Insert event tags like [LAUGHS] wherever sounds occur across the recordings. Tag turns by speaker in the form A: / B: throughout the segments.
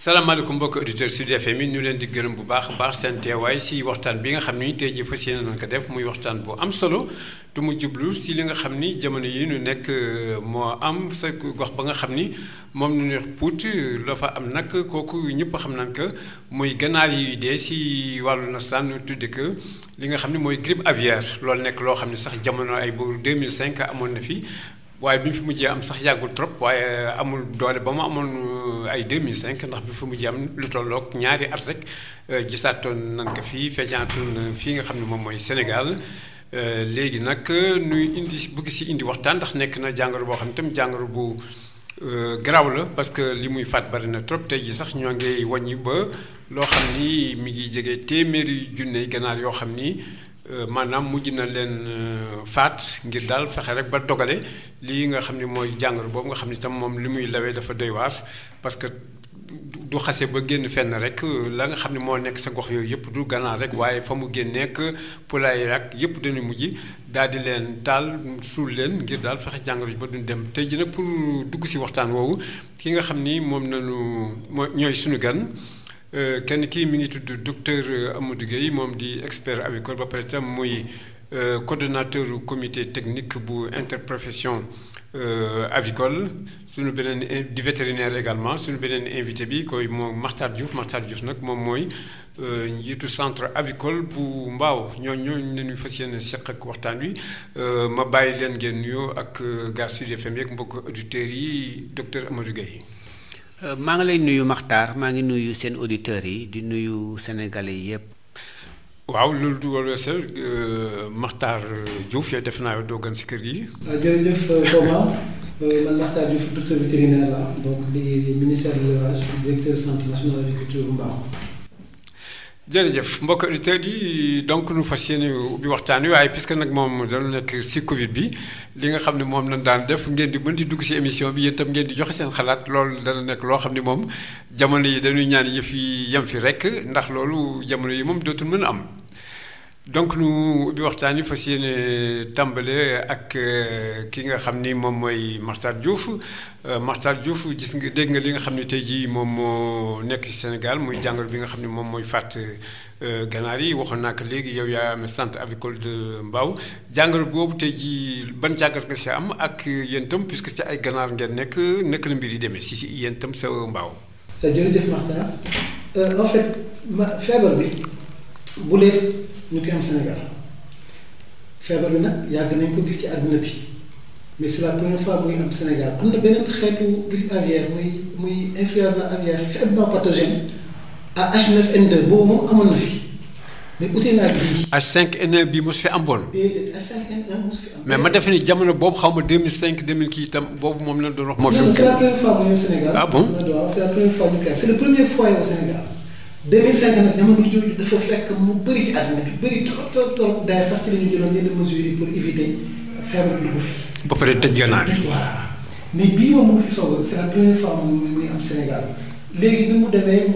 A: salaamaaleykum mbokk auditeurs si FM yi ñu leen di gërëm bu baax baax seen waaye si waxtaan bi nga xam ni tey jii fas yéene nañ ko def muy waxtaan bu am solo te mu jublu si li nga xam ni jamono yi nu nekk euh, moo am sa gox ba nga xam ni moom ñu neex puut euh, la fa am nag kooku ñëpp xam nañ ko muy ganaar yuy dee si wàllu nasaraan sànn tudde ko li nga xam ni mooy grippe aviaire loolu nekk loo xam ni sax jamono ay bu 2005 amoon na fi. waaye bi mu fi mujjee am sax yàggul trop waaye amul doole ba mu amoon euh, ay 2005 ndax bi fi mujjee am lu tolloog ñaari at rek euh, gisaatoon nan ko fii feeñaatoon fii nga xam ne moom mooy Sénégal euh, léegi nag nuy indi bëgg si indi waxtaan ndax nekk na jàngoro boo xam ne tam jàngoro bu garaaw la parce que li muy faat bari na trop tey ji sax ñoo ngi wàññi ba loo xam ni mi ngi jege téeméeri junne ganaar yoo xam nii Euh, maanaam mujj na leen euh, faat ngir daal fexe rek ba dogale lii nga xam ne mooy jàngoro boobu nga xam ne tam moom li muy lawee dafa doy waar parce que du xase ba génn fenn rek la nga xam ne moo nekk sa gox yooyu yëpp du ganaar rek waaye fa mu génn nekk génneek poulailler rak yëpp dañuy mujj daal di leen taal suul leen ngir daal fexe jàngoro ji ba duñ dem tey ji nag pour dugg si waxtaan woowu ki nga xam ni moom nañu moo ñooy suñu gan Euh, kenn kii mu ngi tudd docteur euh, Amadou Gueye moom di expert avicole ba pare tam muy euh, coordonnateur comité technique bu interprofession avicole suñu beneen di vétérinaire également suñu beneen invité bi koy moom Makhtar Diouf Makhtar Diouf nag moom mooy njiitu centre avicole bu Mbao ñoo ñooñu ne ñu fas yéene seq ak waxtaan wi ma bàyyi leen ngeen nuyoo ak gars Sud FM yeeg mbokk auditeurs yi docteur Amadou yi
B: Euh, maa ngi lay nuyu
A: Makhtar maa ngi nuyu seen auditeurs yi di nuyu sénégalais yi yëpp. waaw loolu dugal wese euh, Makhtar euh, Diouf yow def naa doo gan si kër gi.
C: jërëjëf Thomas man Makhtar Diouf docteur vétérinaire la donc liggéey ministère de l'élevage directeur centre national agriculture bu Mbao.
A: jërëjëf mbokk auditeurs yi donc nu fas yéene ubbi waxtaan wi waaye puisque nag moom dañu nekk si Covid bi li nga xam ne moom lañ daan def ngeen di mën di dugg si émission bi yéen itam ngeen di joxe seen xalaat loolu dana nekk loo xam ne moom jamono yi dañuy ñaan yëf yi yem fi rek ndax loolu jamono yi moom dootul mën a am. donc nu ubbi waxtaan yi fas yéene tàmbale ak euh, ki nga xam ni moom mooy Makhtar Diouf euh, Makhtar Diouf gis dégg nga li nga xam ni tey jii moom moo nekk ci Sénégal mooy jàngoro bi nga xam ni moom mooy fàtt euh, ganaar yi waxoon naa ko léegi yow yaa am centre avicole de Mbao jàngoro boobu tey ji ban jàngat nga si am ak yéen itam si ay ganaar ngeen nekk nekk la mbir yi demee si si yéen itam sa Mbao.
C: feebar bi bu ñu koy am Sénégal feebar bi nag yàgg nañ ko gis ci àdduna bi mais c'est la première fois muy am Sénégal am na beneen xeetu grippe aviaire muy muy influenza aviaire faiblement pathogène à H5N2 boobu moom na fi mais ute bii.
A: H5N1 bii mos fi am bon.
C: déedéet H5N1 am.
A: mais ma boobu xaw ma 2005 2000 kii itam boobu moom moo fi mu c'est la première fois bu ñëw Sénégal. ah bon
C: première fois ñu koy Sénégal. 2005 nag jooju dafa fekk mu bëri ci àdduna bi bëri trop trop trop sax ci la ñu jëloon yenn mesures yi pour éviter feebar bi dugg fi.
A: ba pare tëj gannaaw bi
C: voilà mais bii moom mu fi soog c'est la première fois muy am Sénégal léegi
A: ni mu demee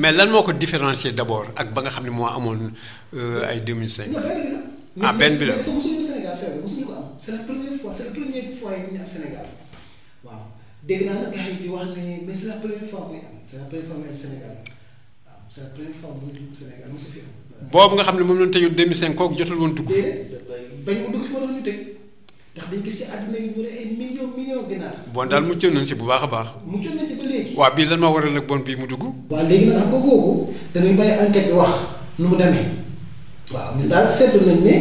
A: mais lan moo ko différencier d'abord ak ba nga xam ne moo amoon euh, ay 2005. ah benn bi la mais
C: mosuñu Sénégal feebar mosuñu ko am c'est la première fois c'est la am Sénégal waaw dégg naa nag gars yi di wax ne mais c'est la am c'est la première c'est
A: boobu nga xam ne moom la ñu tëjul 2005 kooku jotul woon dugg.
C: bañ mu dugg fi ma doon ñu tëj ndax dañ gis ci àdduna yi mu ne ay millions millions ginaar.
A: bon daal muccoon si bu baax a baax.
C: muccoon nañ si ba léegi.
A: waaw bii bii mu dugg.
C: waaw léegi nag xam nga kooku bi wax nu mu demee waaw ñu daal seetlu nañ ne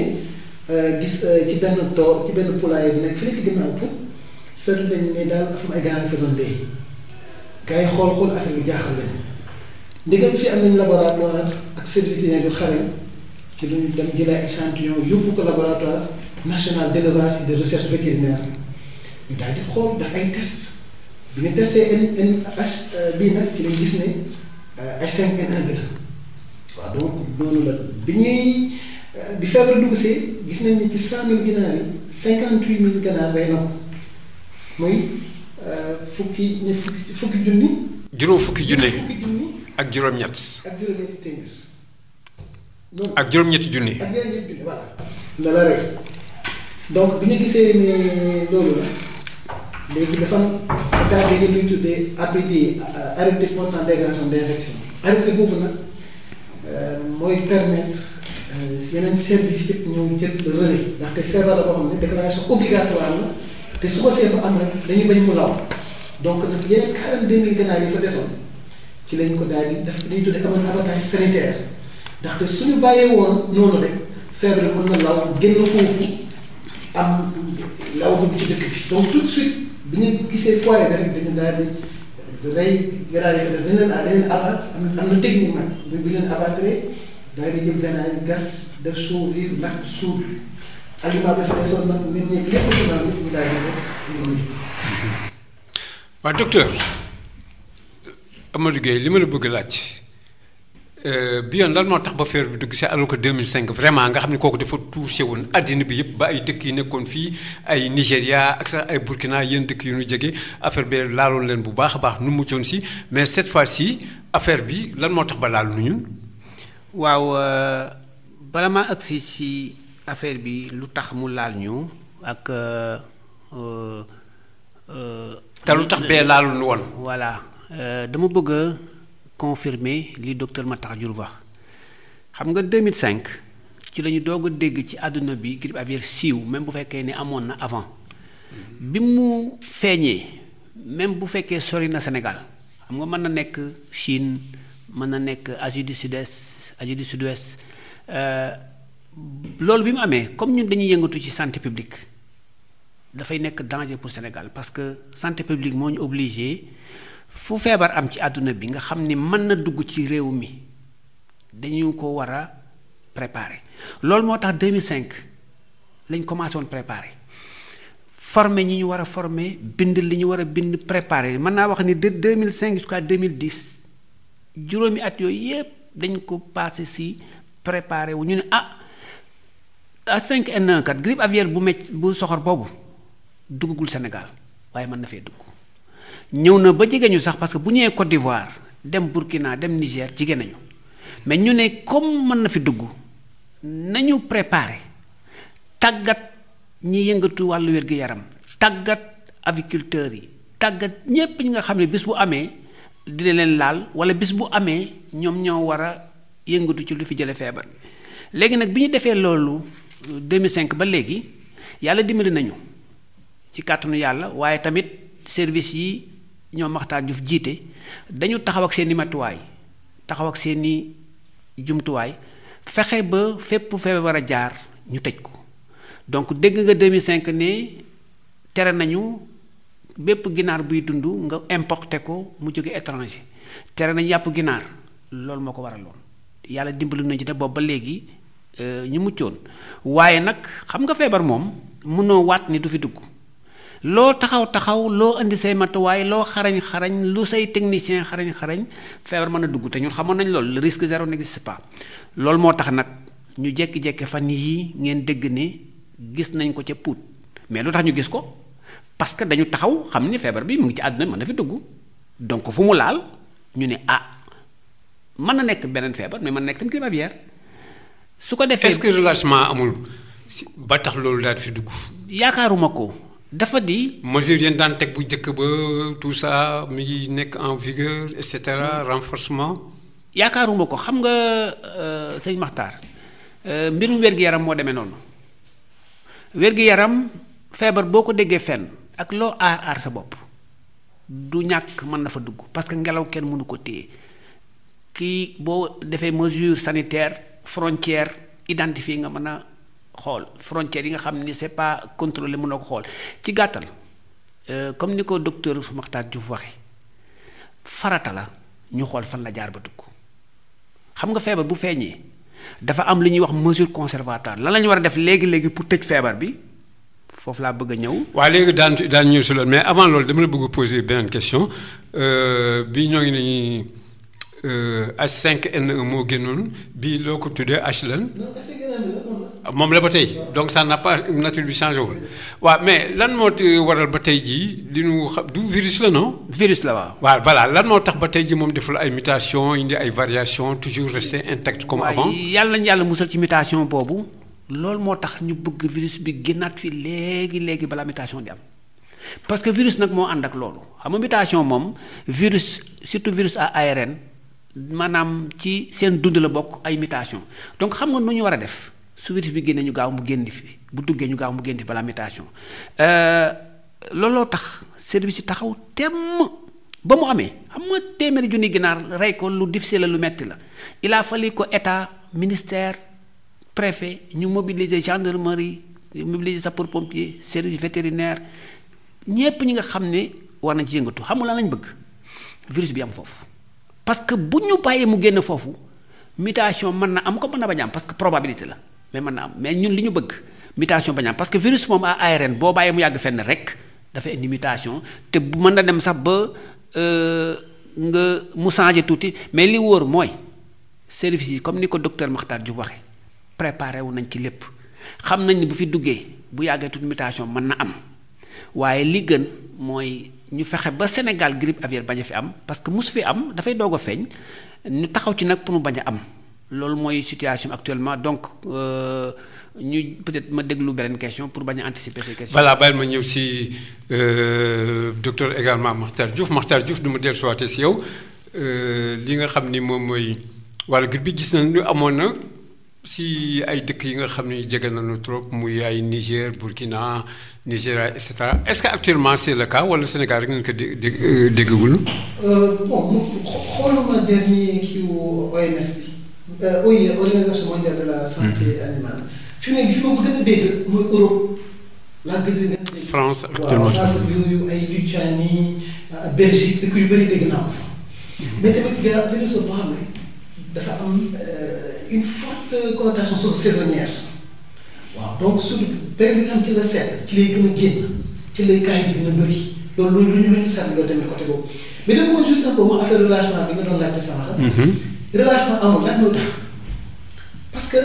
C: euh, gis euh, ci benn tool ci benn poulailler bi nekk fële ci ginnaaw pour seetlu nañ ne daal dafa am ay ganaar fi dee gars xool xool affaire bi jaaxal nañ ndegam fii am nañ laboratoire ak serviteurs yu xarañ ci lu ñu dem jëlee échantillon yóbbu ko laboratoire national d'élevage et de recherche vétérinaire ñu daal di xool def test bi ñu testé NH n 1 euh, euh, bi la waaw donc euh, gis nañ ne ci cent mille ginaar yi cinquante ganaar bay na ko muy fukki ñu fukki fukki junni.
A: juróom fukki junni. ak juróom-ñett.
C: ak juróom-ñetti téeméer. noonu
A: ak juróom-ñetti junni.
C: ak juróom-ñetti junni voilà. la la rek donc bi ñu gisee ne loolu la léegi dafa am état bi ñu tuddee APD euh, arrêté portant déclaration d'infection arrêté boobu nag euh, mooy permettre euh, yeneen service yëpp ñëw jël relais ndaxte feebar la boo xam ne déclaration obligatoire la te su ko see ba am rek dañu bañ mu law donc nag yeneen quarante deux ganaar yi fa desoon. ci lañ ko daal di def dañuy tuddee amoon avantage sanitaire ndaxte suñu bàyyee woon noonu rek feebar mën na law génn foofu am law bu ci dëkk bi donc tout suite bi ñu gisee foyer bi rek daal di dangay leen ah dañ leen abat na technique nag bu bi leen abattre daal di gas def suuvir nag suuf aliment bi fa desoon daal di ko
A: waaw docteur Amadou Gueye li ma la bëgg laaj euh, bi yoon lan moo tax ba feer bi dugg si alors que 2005 vraiment nga xam ne kooku dafa touché woon àddina bi yëpp ba ay dëkk yi nekkoon fii ay Nigéria ak sax ay Burkina yéen dëkk yu ñu jege affaire bi laaloon leen bu baax baax nu muccoon si mais cette fois-ci affaire bi lan moo tax ba laal nu ñun.
B: waaw euh, bala maa agsi si affaire bi lu tax mu laal ñu ak. Euh, te lu tax bee laalul woon. voilà. Euh, dama bëgg a confirmer li docteur Matar Diour wax xam nga 2005 ci lañu ñu doog a dégg ci àdduna bi grippe aviaire siiw même bu fekkee ni amoon na avant bi mu feeñee même bu fekkee sori na Sénégal xam nga mën na nekk Chine mën na nekk Asie du Sud-Est Asie du Sud-Ouest euh, loolu bi mu amee comme ñun dañuy yëngatu ci santé publique dafay nekk danger pour Sénégal parce que santé publique moo ñu obligé. fu feebar am ci àdduna bi nga xam ni mën na dugg ci réew mi dañu ko war a préparer loolu moo tax 2005 lañ commencé woon préparer former ñi ñu war a former bind li ñu war a bind préparer mën naa wax ni de 2005 jusqu'à 2010 juróomi at yooyu yépp dañ ko passé si préparer wu ñu ne ah H5N1 kat grippe aviaire bu mecc bu soxor boobu duggagul Sénégal waaye mën na fee dugg. ñëw na ba jege ñu sax parce que bu ñëwee Côte d'Ivoire dem Burkina dem Niger jigéen nañu mais ñu ne comme mën na fi dugg nañu préparer tàggat ñi yëngatu wàllu wér-gu-yaram tàggat aviculteurs yi tàggat ñépp ñi nga xam ne bis bu amee dina leen laal wala bis bu amee ñoom ñoo war a yëngatu ci lu fi jële feebar léegi nag bi ñu defee loolu 2005 euh, ba léegi yàlla dimbali nañu ci kàttanu yàlla waaye tamit service yi ñoom Maxtaar Juuf jiite dañu taxaw ak seeni matuwaay taxaw ak seeni jumtuwaay fexe ba fépp fee a jaar ñu tëj ko donc dégg nga 2005 ne tere nañu bépp ginaar buy dund nga importé ko mu jóge étranger tere nañu yàpp ginaar loolu moo ko waraloon yàlla dimbalu nañ ci de boobu ba léegi euh, ñu muccoon waaye nag xam nga feebar moom mënoo waat ni du fi dugg loo taxaw taxaw loo indi say matuwaay loo xarañ xarañ lu say technicien xarañ xarañ feebar mën a dugg te ñun xamoon nañ loolu le risque zéro n'existe pas loolu moo tax nag ñu jékki-jékki fan yii ngeen dégg ne gis nañ ko ca Pout mais lu tax ñu gis ko parce que dañu taxaw xam ni feebar bi mu ngi ci àdduna mën na fi dugg donc fu mu laal ñu ne ah mën na nekk beneen feebar mais mën na nekk tamit grippe aviaire su ko defee est-ce que relâchement
A: amul ba tax loolu daal di fi dugg. yaakaaruma ko. dafa di. mesures yi daan teg bu njëkk ba tout ça mi nekk en vigueur et mm. renforcement.
B: yaakaaruma ko xam nga euh, sëñ Maxtaar euh, mbirum wér-gu-yaram moo demee noonu wér-gu-yaram feebar boo ko déggee fenn ak loo aar aar sa bopp du ñàkk mën na fa dugg parce que ngelaw kenn mënu ko téye kii boo defee mesure sanitaire frontière identifié nga mën a. xool frontières yi nga xam ni c'est pas contrôlé mënoo ko xool ci gàttal euh, comme ni ko docteur Makhtar Diouf waxee farata la ñu xool fan la jaar ba dugg xam nga feebar bu feeñee dafa am li ñuy wax mesure conservatoire lan la ñu war a def léegi léegi pour tëj feebar bi foofu laa bëgg ñëw.
A: waaw léegi daan daan ñëw si loolu mais avant loolu dama la bëgg poser beneen question euh, bi ñoo ngi nii. Euh, h n moo génnoon bi loo ko tuddee H lan moom la ba tey donc ça n'a nature bi changé wul waaw mais lan moo waral ba tey jii di nu xam du virus la non. virus la waaw. waaw lan moo tax ba tey jii moom deful ay mutation indi ay variation toujours resté intact comme avant.
B: yàlla nañu yàlla musal ci mutation boobu. loolu moo tax ñu bëgg virus bi génnaat fi léegi léegi balaa mutation di am parce que virus nag moo ànd ak loolu xam mutation moom virus surtout virus à maanaam ci seen dund la bokk ay mitation donc xam nga nu ñu war a def su virus bi génnee ñu gaaw mu génn fi bu duggee ñu gaaw mu génn fi balaa mutation euh, looloo tax service yi taxaw temm ba mu amee xam nga téeméeri junni ginaar rey ko lu difficile la lu metti la il a fallu ko état ministère préfet ñu mobiliser gendarmerie mobiliser sapeur pompier service vétérinaire ñépp ñi nga xam ni war nañ ci yëngatu xamul lan lañ bëgg virus bi am foofu parce que bu ñu bàyyee mu génn foofu mutation mën na am ko mën na bañ am parce que probabilité la mais mën na am mais ñun li ñu bëgg mutation bañ am parce que virus moom à ARN boo bàyyee mu yàgg fenn rek dafay indi mutation te bu mën na dem sax ba euh, nga mu changé tuuti mais li wóor mooy service yi comme ni ko docteur Makhtar Diouf waxee préparé wu nañ ci lépp xam nañ ni bu fi duggee bu yàggee tuuti mutation mën na am waaye li gën mooy. ñu fexe ba Sénégal grippe aviaire bañ a fi am parce que mosu fi am dafay doog a feeñ ñu taxaw ci nag pour mu bañ a am loolu mooy situation actuellement donc euh, ñu peut-être ma déglu beneen question pour bañ a anticiper ces questions. balaa bàyyi
A: ma ñëw si euh, docteur également Makhtar Diouf Makhtar Diouf du ma dellusiwaatee si yow euh, li nga xam ni moom mooy wàllu grippe bi gis nañu amoon na. si ay dëkk yi nga xam ne jege nañu trop muy ay Niger Burkina Nigeria et cetera est-ce que actuellement c'est le wala Sénégal rek nañu ko euh, euh,
C: euh, hmm. ko gën a dégg mooy Europe. laa gën
A: France actuellement waaw France
C: yooyu ay Lituanie Belgique dëkk yu bëri dégg naa ko dafa am euh, une forte connotation saisonnière waaw donc surtout période bi nga xam ci la set ci lay gën a génn ci lay kaay bi a bëri loolu lu ñu lu ñu sànni loolu tamit côté boobu mais dama woon juste un peu wax affaire bi nga doon laajte sama xam relâchement amul lan moo tax parce que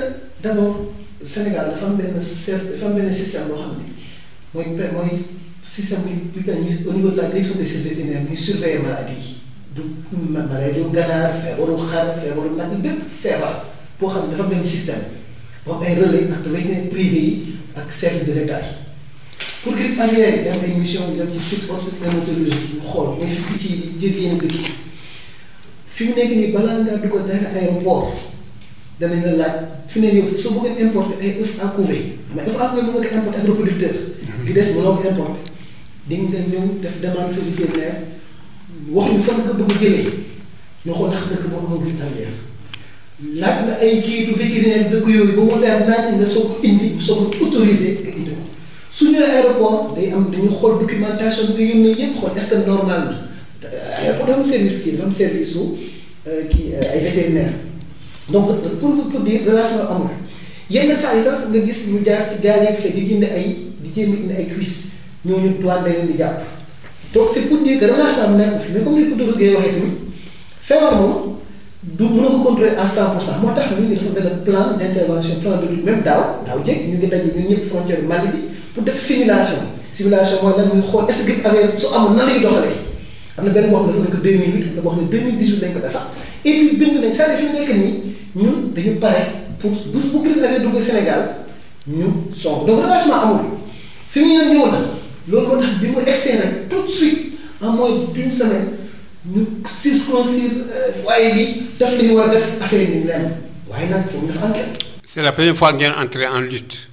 C: d' abord dafa am benn ser dafa am benn système boo xam ne mooy mooy système bu ñu au niveau de la direction des services vétérinaires muy surveiller maladie yi du malay du ganaar feebaru xar feebaru feebar boo xam ne dafa benn système boo ay relais ak relais privé yi ak service de l'État yi pour grippe aviaire yi am ay mission yu dem ci site ornithologique ñu xool mais fi picc yi jël yenn dëkk fi mu nekk nii balaa ngaa du ko dara aéroport danañ na laaj fi ne yow soo bëggee importer ay œuf à couver mais œuf à couver mën nga ko importer ak reproducteur mhm. di des mënoo ko importer di nga ñëw def demande sa vétérinaire waxuñu fan nga bëgg a jëlee ñoo ko tax dëkk boo amul vétérinaire laaj na ay kii du dëkk yooyu ba mu leer laaj nga soo ko indi soo ko autorisé nga indi ko suñu aéroport day am dañu xool documentation bi nga yónnee yépp xool est-ce que normal na aéroport am service kii am service su euh, kii euh, ay vétérinaire donc pour pour dire relation amul yenn saa yi sax nga gis ñu jaar ci gaal fee di génne ay di jéem a indi ay cuisse ñooñu doon dañ leen di jàpp. donc c'est pour dire que relâchement bi nekkul fi mais comme ko Dóor Gueye moo tax ñun ñu dafa benn plan d'intervention ñëpp frontière bi Mali bi pour def simulation simulation mooy lan ñuy xool est-ce que grippe na benn boo xam ne dafa nekk na boo xam ne 2018 lañ ko defar et puis bind nañ saa yu fi mu nekk nii ñun dañu pare pour bu bu grippe aviaire duggee Sénégal ñu song donc relâchement amul fi mu ne ñëw na. loolu moo tax bi mu egsee nag tout de suite en moins d'une semaine ñu circonscrire euh, foyer bi def li war def affaire yi lenn
A: c'est la première fois ngeen entre en lutte.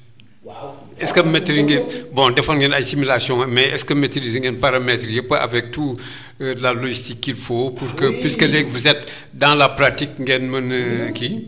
A: est-ce que maîtriser ngeen bon defoon ngeen ay simulation mais est-ce que maîtriser ngeen paramètres yëpp avec tout euh, la logistique qu'il faut pour que oui. puisque léegi vous êtes dans la pratique ngeen mën a euh, kii.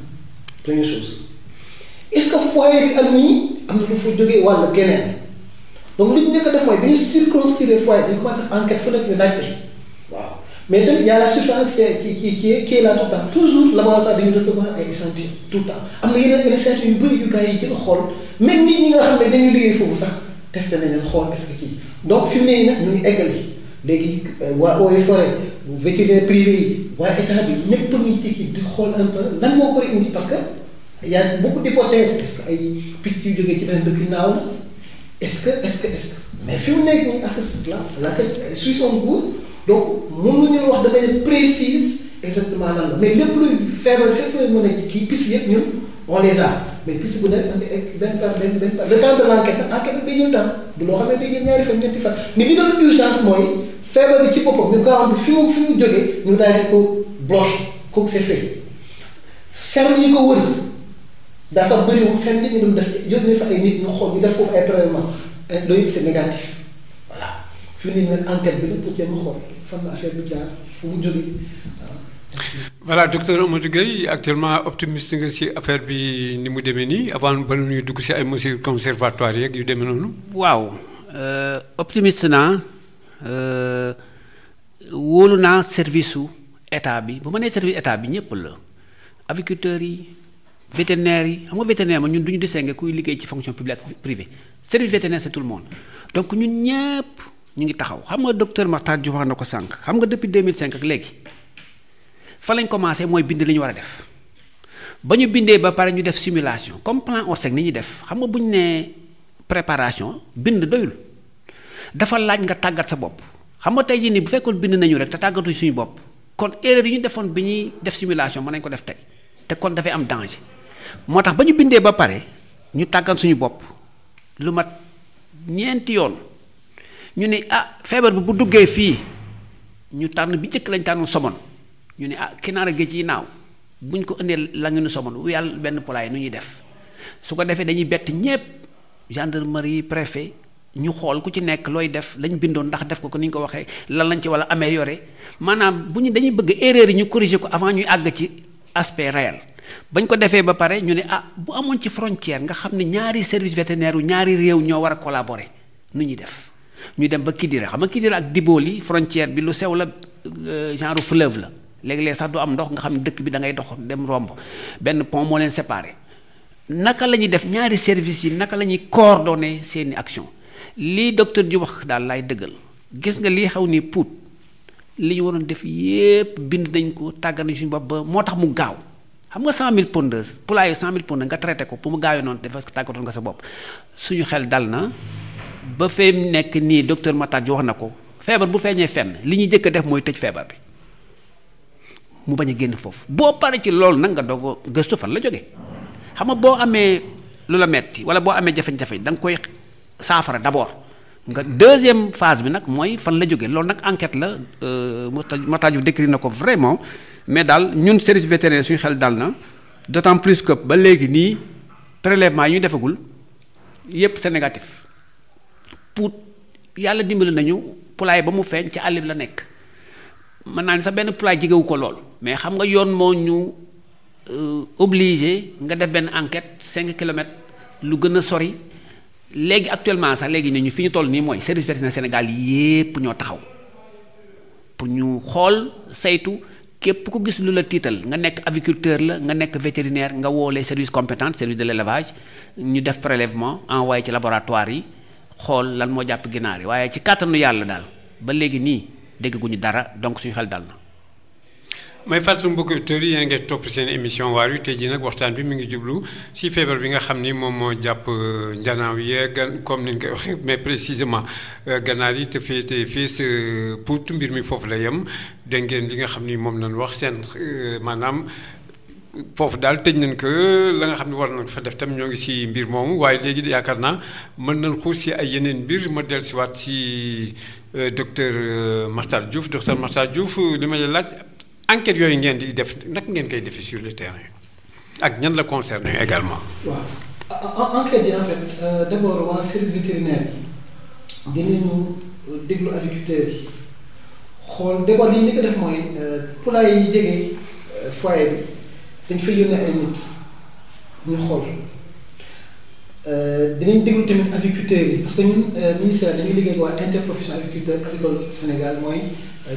C: première chose est ce que foyer bi ak nii am na lu foo jógee wàll keneen donc li ñu njëkk a def mooy bi ñu circonscrire foyer bi ñu commencé enquête fa nekk ñu waaw mais tamit y a la surveillance qui qui qui qui est là tout le temps toujours laboratoire dañuy recevoir ay échantillons tout le temps am na yeneen recherche yu bëri yu gars yi jël xool même nit ñi nga xam ne dañuy liggéey foofu sax testé nañ leen xool est ce que kii donc fi mu ne ñu ngi yi léegi euh, waa eaux et forêt vétérinaire privé yi waa état bi ñëpp ñu ci kii di xool un peu lan moo koy indi parce que y a beaucoup d'hypothèses est-ce que ay picc yu jógee ci benn dëkk naaw la est-ce que est mais fi mu nekk nii à ce stade là la que suit son cours donc mënuñu la wax de manière précise exactement lan la mais lépp luy feebar fépp la mën a kii piste yëpp ñun on les mais piste bu nekk benn par benn benn par le temps de l'enquête bi day jël temps loo xam ne day jël ñaari fan feebar bi ci boppam ñu gaawantu fi mu fi mu jógee ñu daal di ko bloqué kooku c'est fait ferme yi ko wër daa sax bëriwul ferme yi ñu doon def ci yónnee def foofu ay prélèvement xool fan la affaire bi jaar fu mu jógee
A: voilà docteur Amadou Gueye actuellement optimiste nga ci affaire bi ni mu demee nii avant ba ñuy dugg ci ay mesures conservatoires yeeg yu demee noonu.
B: waaw euh, optimiste naa. Euh, wóolu naa service su état bi bu ma nee service état bi ñëpp la aviculteurs yi vétérinaires yi xam nga vétérinaire ma ñun du ñu distinguer kuy liggéey ci fonction publique ak privée service vétérinaire c'est tout le monde donc ñun ñëpp ñu ngi taxaw xam nga docteur Makhtar Diouf wax na ko sànq xam nga depuis 2005 ak léegi fan lañ commencé mooy bind li ñu war a def ba ñu bindee ba pare ñu def simulation comme plan ORSEC ni ñuy def xam nga bu ñu nee préparation bind doyul. dafa laaj nga tàggat sa bopp xam nga tey jii nii bu fekkoon bind nañu rek te tàggatuñ suñu bopp kon erreur yi ñu defoon bi ñuy def simulation mën nañ ko def tey te kon dafay am danger moo tax ba ñu bindee ba pare ñu tàggat suñu bopp lu mat ñeenti yoon ñu ne ah feebar bi bu duggee fii ñu tànn bi njëkk lañ tànn somon ñu ne ah kinaara géej yi naaw buñ ko indee la ngeenu somon wu yàlla benn polaay nu ñuy def su ko defee dañuy bett ñépp gendarmerie préfet ñu xool ku ci nekk looy def lañ bindoon ndax def ko ko ni ñu ko waxee lan lañ ci amee yore maanaam bu ñu dañuy bëgg erreur yi ñu corriger ko avant ñuy àgg ci aspect réel bañ ko defee ba pare ñu ne ah bu amoon ci frontière nga xam ne ñaari service vétérinaire yu ñaari réew ñoo war a collaborer nu ñuy def ñu dem ba Kidira xam nga Kidira ak Diboli frontière bi lu sew la euh, genre fleuve la léeg-léeg sax du am ndox nga xam ne dëkk bi da ngay dox dem romb benn pont moo leen séparé naka la ñuy def ñaari service yi naka la ñuy coordonner seeni action lii docteur ji wax daal laay dëggal gis nga lii xaw nii puut li ñu waroon def yépp bind nañ ko tàggat nañ suñu bopp ba moo tax mu gaaw xam nga cent mille pondeuses poulaayu cent mille pondeuses nga traité ko pour mu gaawee noonu dafa tàggatoon nga sa bopp suñu xel dal na ba fee nekk nii docteur Matar ji wax na ko feebar bu feeñee fenn li ñu jëkk a def mooy tëj feebar bi mu bañ a génn foofu boo pare ci loolu nag nga doog gëstu fan la jóge xam nga boo amee lu la metti wala boo amee jafe da nga koy saafara d'abord nga deuxième phase bi nag mooy fan la jógee loolu nag enquête la euh, Matajou décrit na ko vraiment mais daal ñun service vétérinaire suñu xel dal na d'autant plus que ba léegi nii prélèvement yi ñu defagul yépp c'est négatif pour yàlla dimbali nañu poulailler ba mu feeñ ci àll la nekk mën naa ni sa benn poulailler jegewu ko lool mais xam nga yoon moo ñu euh, obligé nga def benn enquête cinq kilomètres lu gën a sori léegi actuellement sax léegi ñu fi ñu toll nii mooy service vétérinaire Sénégal yépp ñoo taxaw pour ñu xool saytu képp ku gis lu la tiital nga nekk aviculteur la nga nekk vétérinaire nga woolee service compétent service de l'élevage ñu def prélèvement envoyé ci laboratoire yi xool lan moo jàpp ginaar yi waaye ci kàttanu yàlla daal ba léegi nii dégg gu ñu dara donc suñu xel dal na
A: may fàttali mbokki auditeurs yi yéen topp seen émission waar wi tey jii nag waxtaan bi mu ngi jublu si feebar bi nga xam ni moom moo jàpp euh, njanaaw yee euh, gan comme ni ñu koy waxee mais précisément euh, ganaar yi te fii fii sa Pout mbir mi foofu la yem dégg ngeen li nga xam ni moom nañ wax seen maanaam foofu daal tëj nañ ko la nga xam ne war nañ fa def tam ñoo ngi si mbir moomu waaye léegi yaakaar naa mën nañ xuus si ay yeneen mbir ma dellusiwaat si docteur Makhtar Diouf docteur Makhtar Diouf li may laaj. enquête yooyu ngeen di def naka ngeen koy defee sur le terrain ak ñan la concerné également. waa
C: enquête yi en fait euh, d' abord waa service vétérinaire yi dinañu déglu agriculteurs yi xool d' abord li ñu ko def mooy euh, poulailler yi jege euh, foyer bi dañ fay yónnee ay nit ñu xool dinañ déglu tamit agriculteurs yi parce que ministère dañuy liggéey waa interprofession agriculteur agricole Sénégal mooy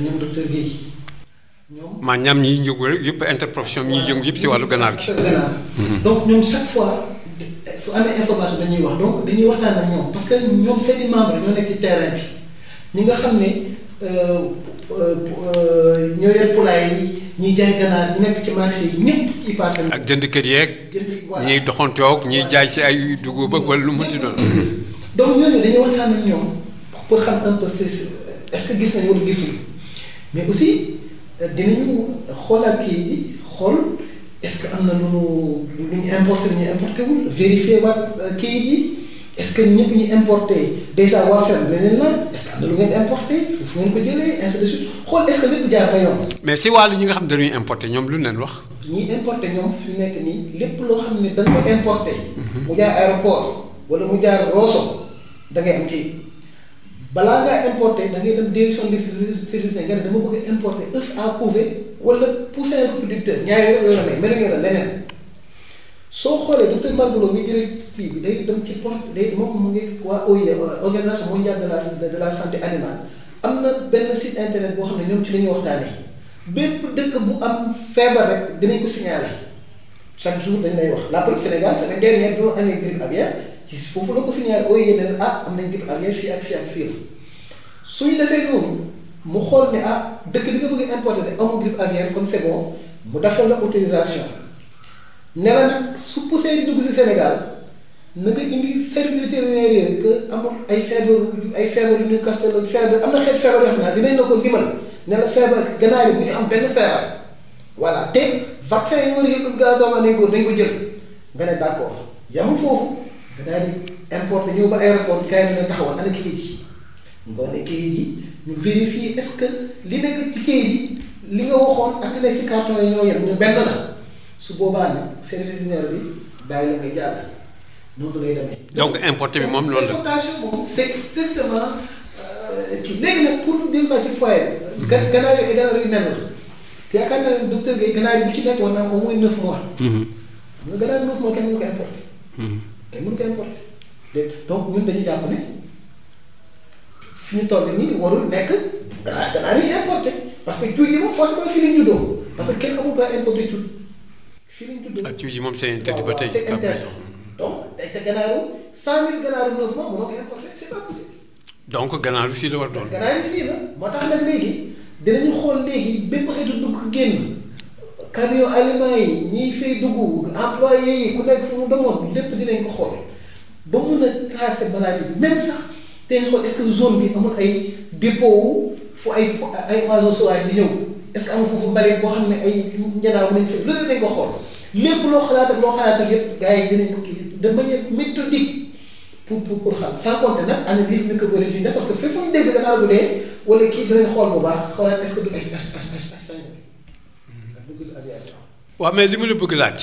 C: ñoom docteur Guèye.
A: maa ñam ñi yëngu yëpp interprofession ñi yëngu yëpp si wàllu ganaar gi.
C: donc ñoom chaque fois su amee information dañuy wax donc dañuy waxtaan ak ñoom parce que ñoom seen i nga xam ne euh, euh, ñoo yor poulailler yi ñiy ak
A: jënd kër yeeg. ñiy doxantoog ñiy jaay si ay dugub ak wala lu mu ti doon.
C: donc ñooñu est-ce que gis nañu wala gisul mais aussi. dinañu xoolaat kii xool est-ce que am na lu ñu lu ñu importé lu ñu importé wul vérifier waat euh, kii yi est-ce que ñëpp ñu importé déjà waa ferme leneen la est-ce que am na lu ngeen importé fu ngeen ko jëlee ainsi de suite xool est-ce que lépp jaar ba yoon.
A: mais si wàllu ñi nga xam ne dañuy importé ñoom lu leen wax.
C: ñuy importé ñoom fu nekk nii lépp loo xam ne dañ ko importé. Mhm. mu jaar aéroport wala mu jaar Rosso da am kii. balaa ngaa importer da ngay dem direction des services nga ne dama bëgg a importer œuf couver wala poussin reproducteur ñaari yëpp la may mel ni la soo xoolee docteur Margoulou nga jëlee kii bi day dem ci porte day moom mu ngi waa OIE euh, organisation mondiale de la de la santé animale am na benn site internet boo xam ne ñoom ci la ñuy waxtaanee bépp dëkk bu am feebar rek dinañ ko signaler chaque jour dañ lay wax la preuve Sénégal c'est de dernière bi ma amee grippe ci foofu la ko signalé au lieu ne ah am nañ dip arrière fii ak fii ak fii la suñu defee noonu mu xool ni ah dëkk bi nga bëgg a importer de amul dip arrière comme c'est bon mu defal la la nag su poussé di dugg si Sénégal na nga indi service vétérinaire yooyu ay feebar ay feebar yu ñu kastal ak feebar am na xeet feebar dinañ la ko limal ne la feebar ganaar bu ñu am benn feebar voilà te vaccin yi ñu mën a yëpp galaatoo ma dañ ko dañ ko jël nga ne d'accord yamul foofu. nga daal di importé ñëw ba aéroport kaay na ne taxawal ana kayit est-ce que li nekk ci li nga waxoon ci carton ñoo yem su boobaa nag service bi bàyyi la nga jàll
A: moom loolu la importation
C: moom c'est strictement euh, kii léegi nag pour delluwaat ci bi. Mhm. gan ganaar yooyu ganaar yu mel te yaakaar naa ne docteur ganaar yi ci nekk war naa au moins neuf mhm. nga ganaar neuf mois kenn mënu ko importé. Mhm. day mën ko importer dégg donc ñun dañu jàpp ne fi toll nii warul nekk ganaar yu importé parce que jur yi moom forcément fii parce que kenn amul droit importer jur
A: fii lañ juddoo. ak ah, jur yi ba tey c'est interdit donc te ganaaru cent mille ganaaru fii la war doon.
C: ganaaru fii la moo tax nag léegi dinañu xool léegi bépp xeetu dugg génn. camion aliments yi ñiy fay dugg employé yi ku nekk fu mu demoon lépp dinañ ko xool ba mun a tracer balaa bi même sax te xool est-ce bi amul ay dépôt wu fu ay ay oiseaux sauvages di ñëw est-ce que amul foofu bari xam ne ay ñanaaw nañ fa loolu ko xool lépp loo xalaat loo xalaatal yépp gars yi dinañ ko kii de manière méthodique pour pour pour xam sans compter nag analyse microbiologie nag parce que fépp fu ñu dégg dafa dee wala kii dinañ xool bu baax xoolal est-ce que du
A: waa mais li ma la bëgg laaj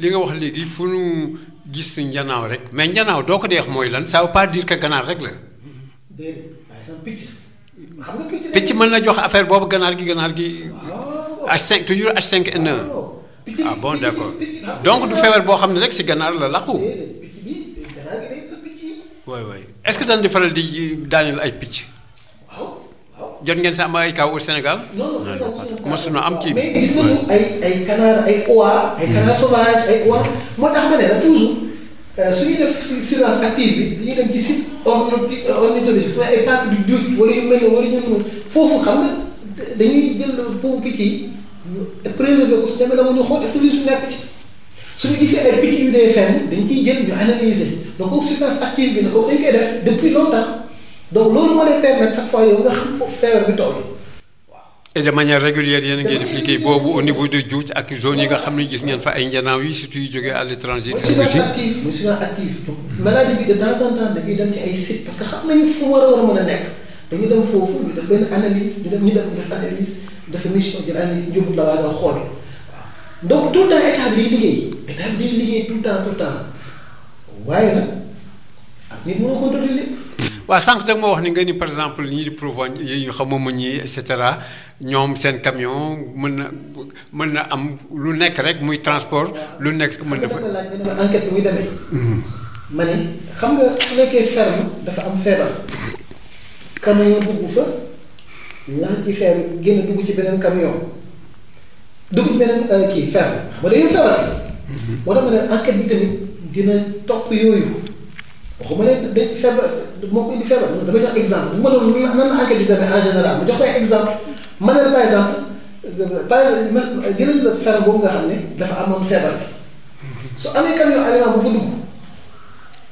A: li nga wax léegi fu nu gis njanaaw rek mais njanaaw doo ko dee wax mooy lan ça veut pas dire que ganaar rek la. picc. mën na jox affaire boobu ganaar gi ganaar gi. H5 toujours h 5 n ah bon d' donc du feebar boo xam ne rek si ganaar la laqu.
C: déedéet
A: picc est ce que dañ di faral di daaneel ay picc. jot ngeen sa am ay kaw au Sénégal. non non am gis nañu
C: ay ay canard ay oie. moo tax ma euh, su ñuy def si surveillance active bi dem ci site ornithologie ay parc du jur wala yu mel noonu foofu xam nga dañuy jël pou picc yi prélever ko su demee la su nekk ci. suñu gisee ay picc yu dee fenn dañ ciy jël ñu analyser donc surveillance bi nag comme dañ koy def depuis longtemps. donc loolu moo lay permettre chaque fois yow nga xam foofu bi toll.
A: et régulière yéen a ngi def liggéey boobu au niveau de Djoudj ak zone yi nga xam ne gis ngeen fa ay njanaaw yi surtout yu jógee à l'étranger. di dugg si active muy
C: souvent active donc maladie bi de temps en dem ci ay site parce que xam nañu fu war a war a mën a nekk dañu dem foofu ñu def benn analyse ñu def ñu def analyse def émission jël analyse yóbbu la waa nga xool
A: waaw donc tout le temps état
C: bi di liggéey état bi di liggéey tout le temps tout le temps
A: waaye waaw sànq dag moo wax ni nga ni par exemple ñii di Provence yi ñu xamuma ñi et cetera ñoom seen camion mën na mën na am lu nekk rek muy transport lu nekk mën na fa
C: enquête bi muy demee hmm. ma ne xam nga su nekkee ferme dafa am feebar camion dugg fa ñaan ci ferme génn dugg ci beneen camion dugg beneen euh, kii ferme hmm. moo tax ma ne enquête bi tamit dina topp yooyu waxuma ne dañ feebar moo ko indi feebar dama jox exemple bu ma doon nan la enquête di demee en général ma jox ko exemple
A: ma ne par exemple
C: euh, par exemple jëlal la fer boobu nga xam ne dafa amoon feebar bi su amee camion aliment bu fa dugg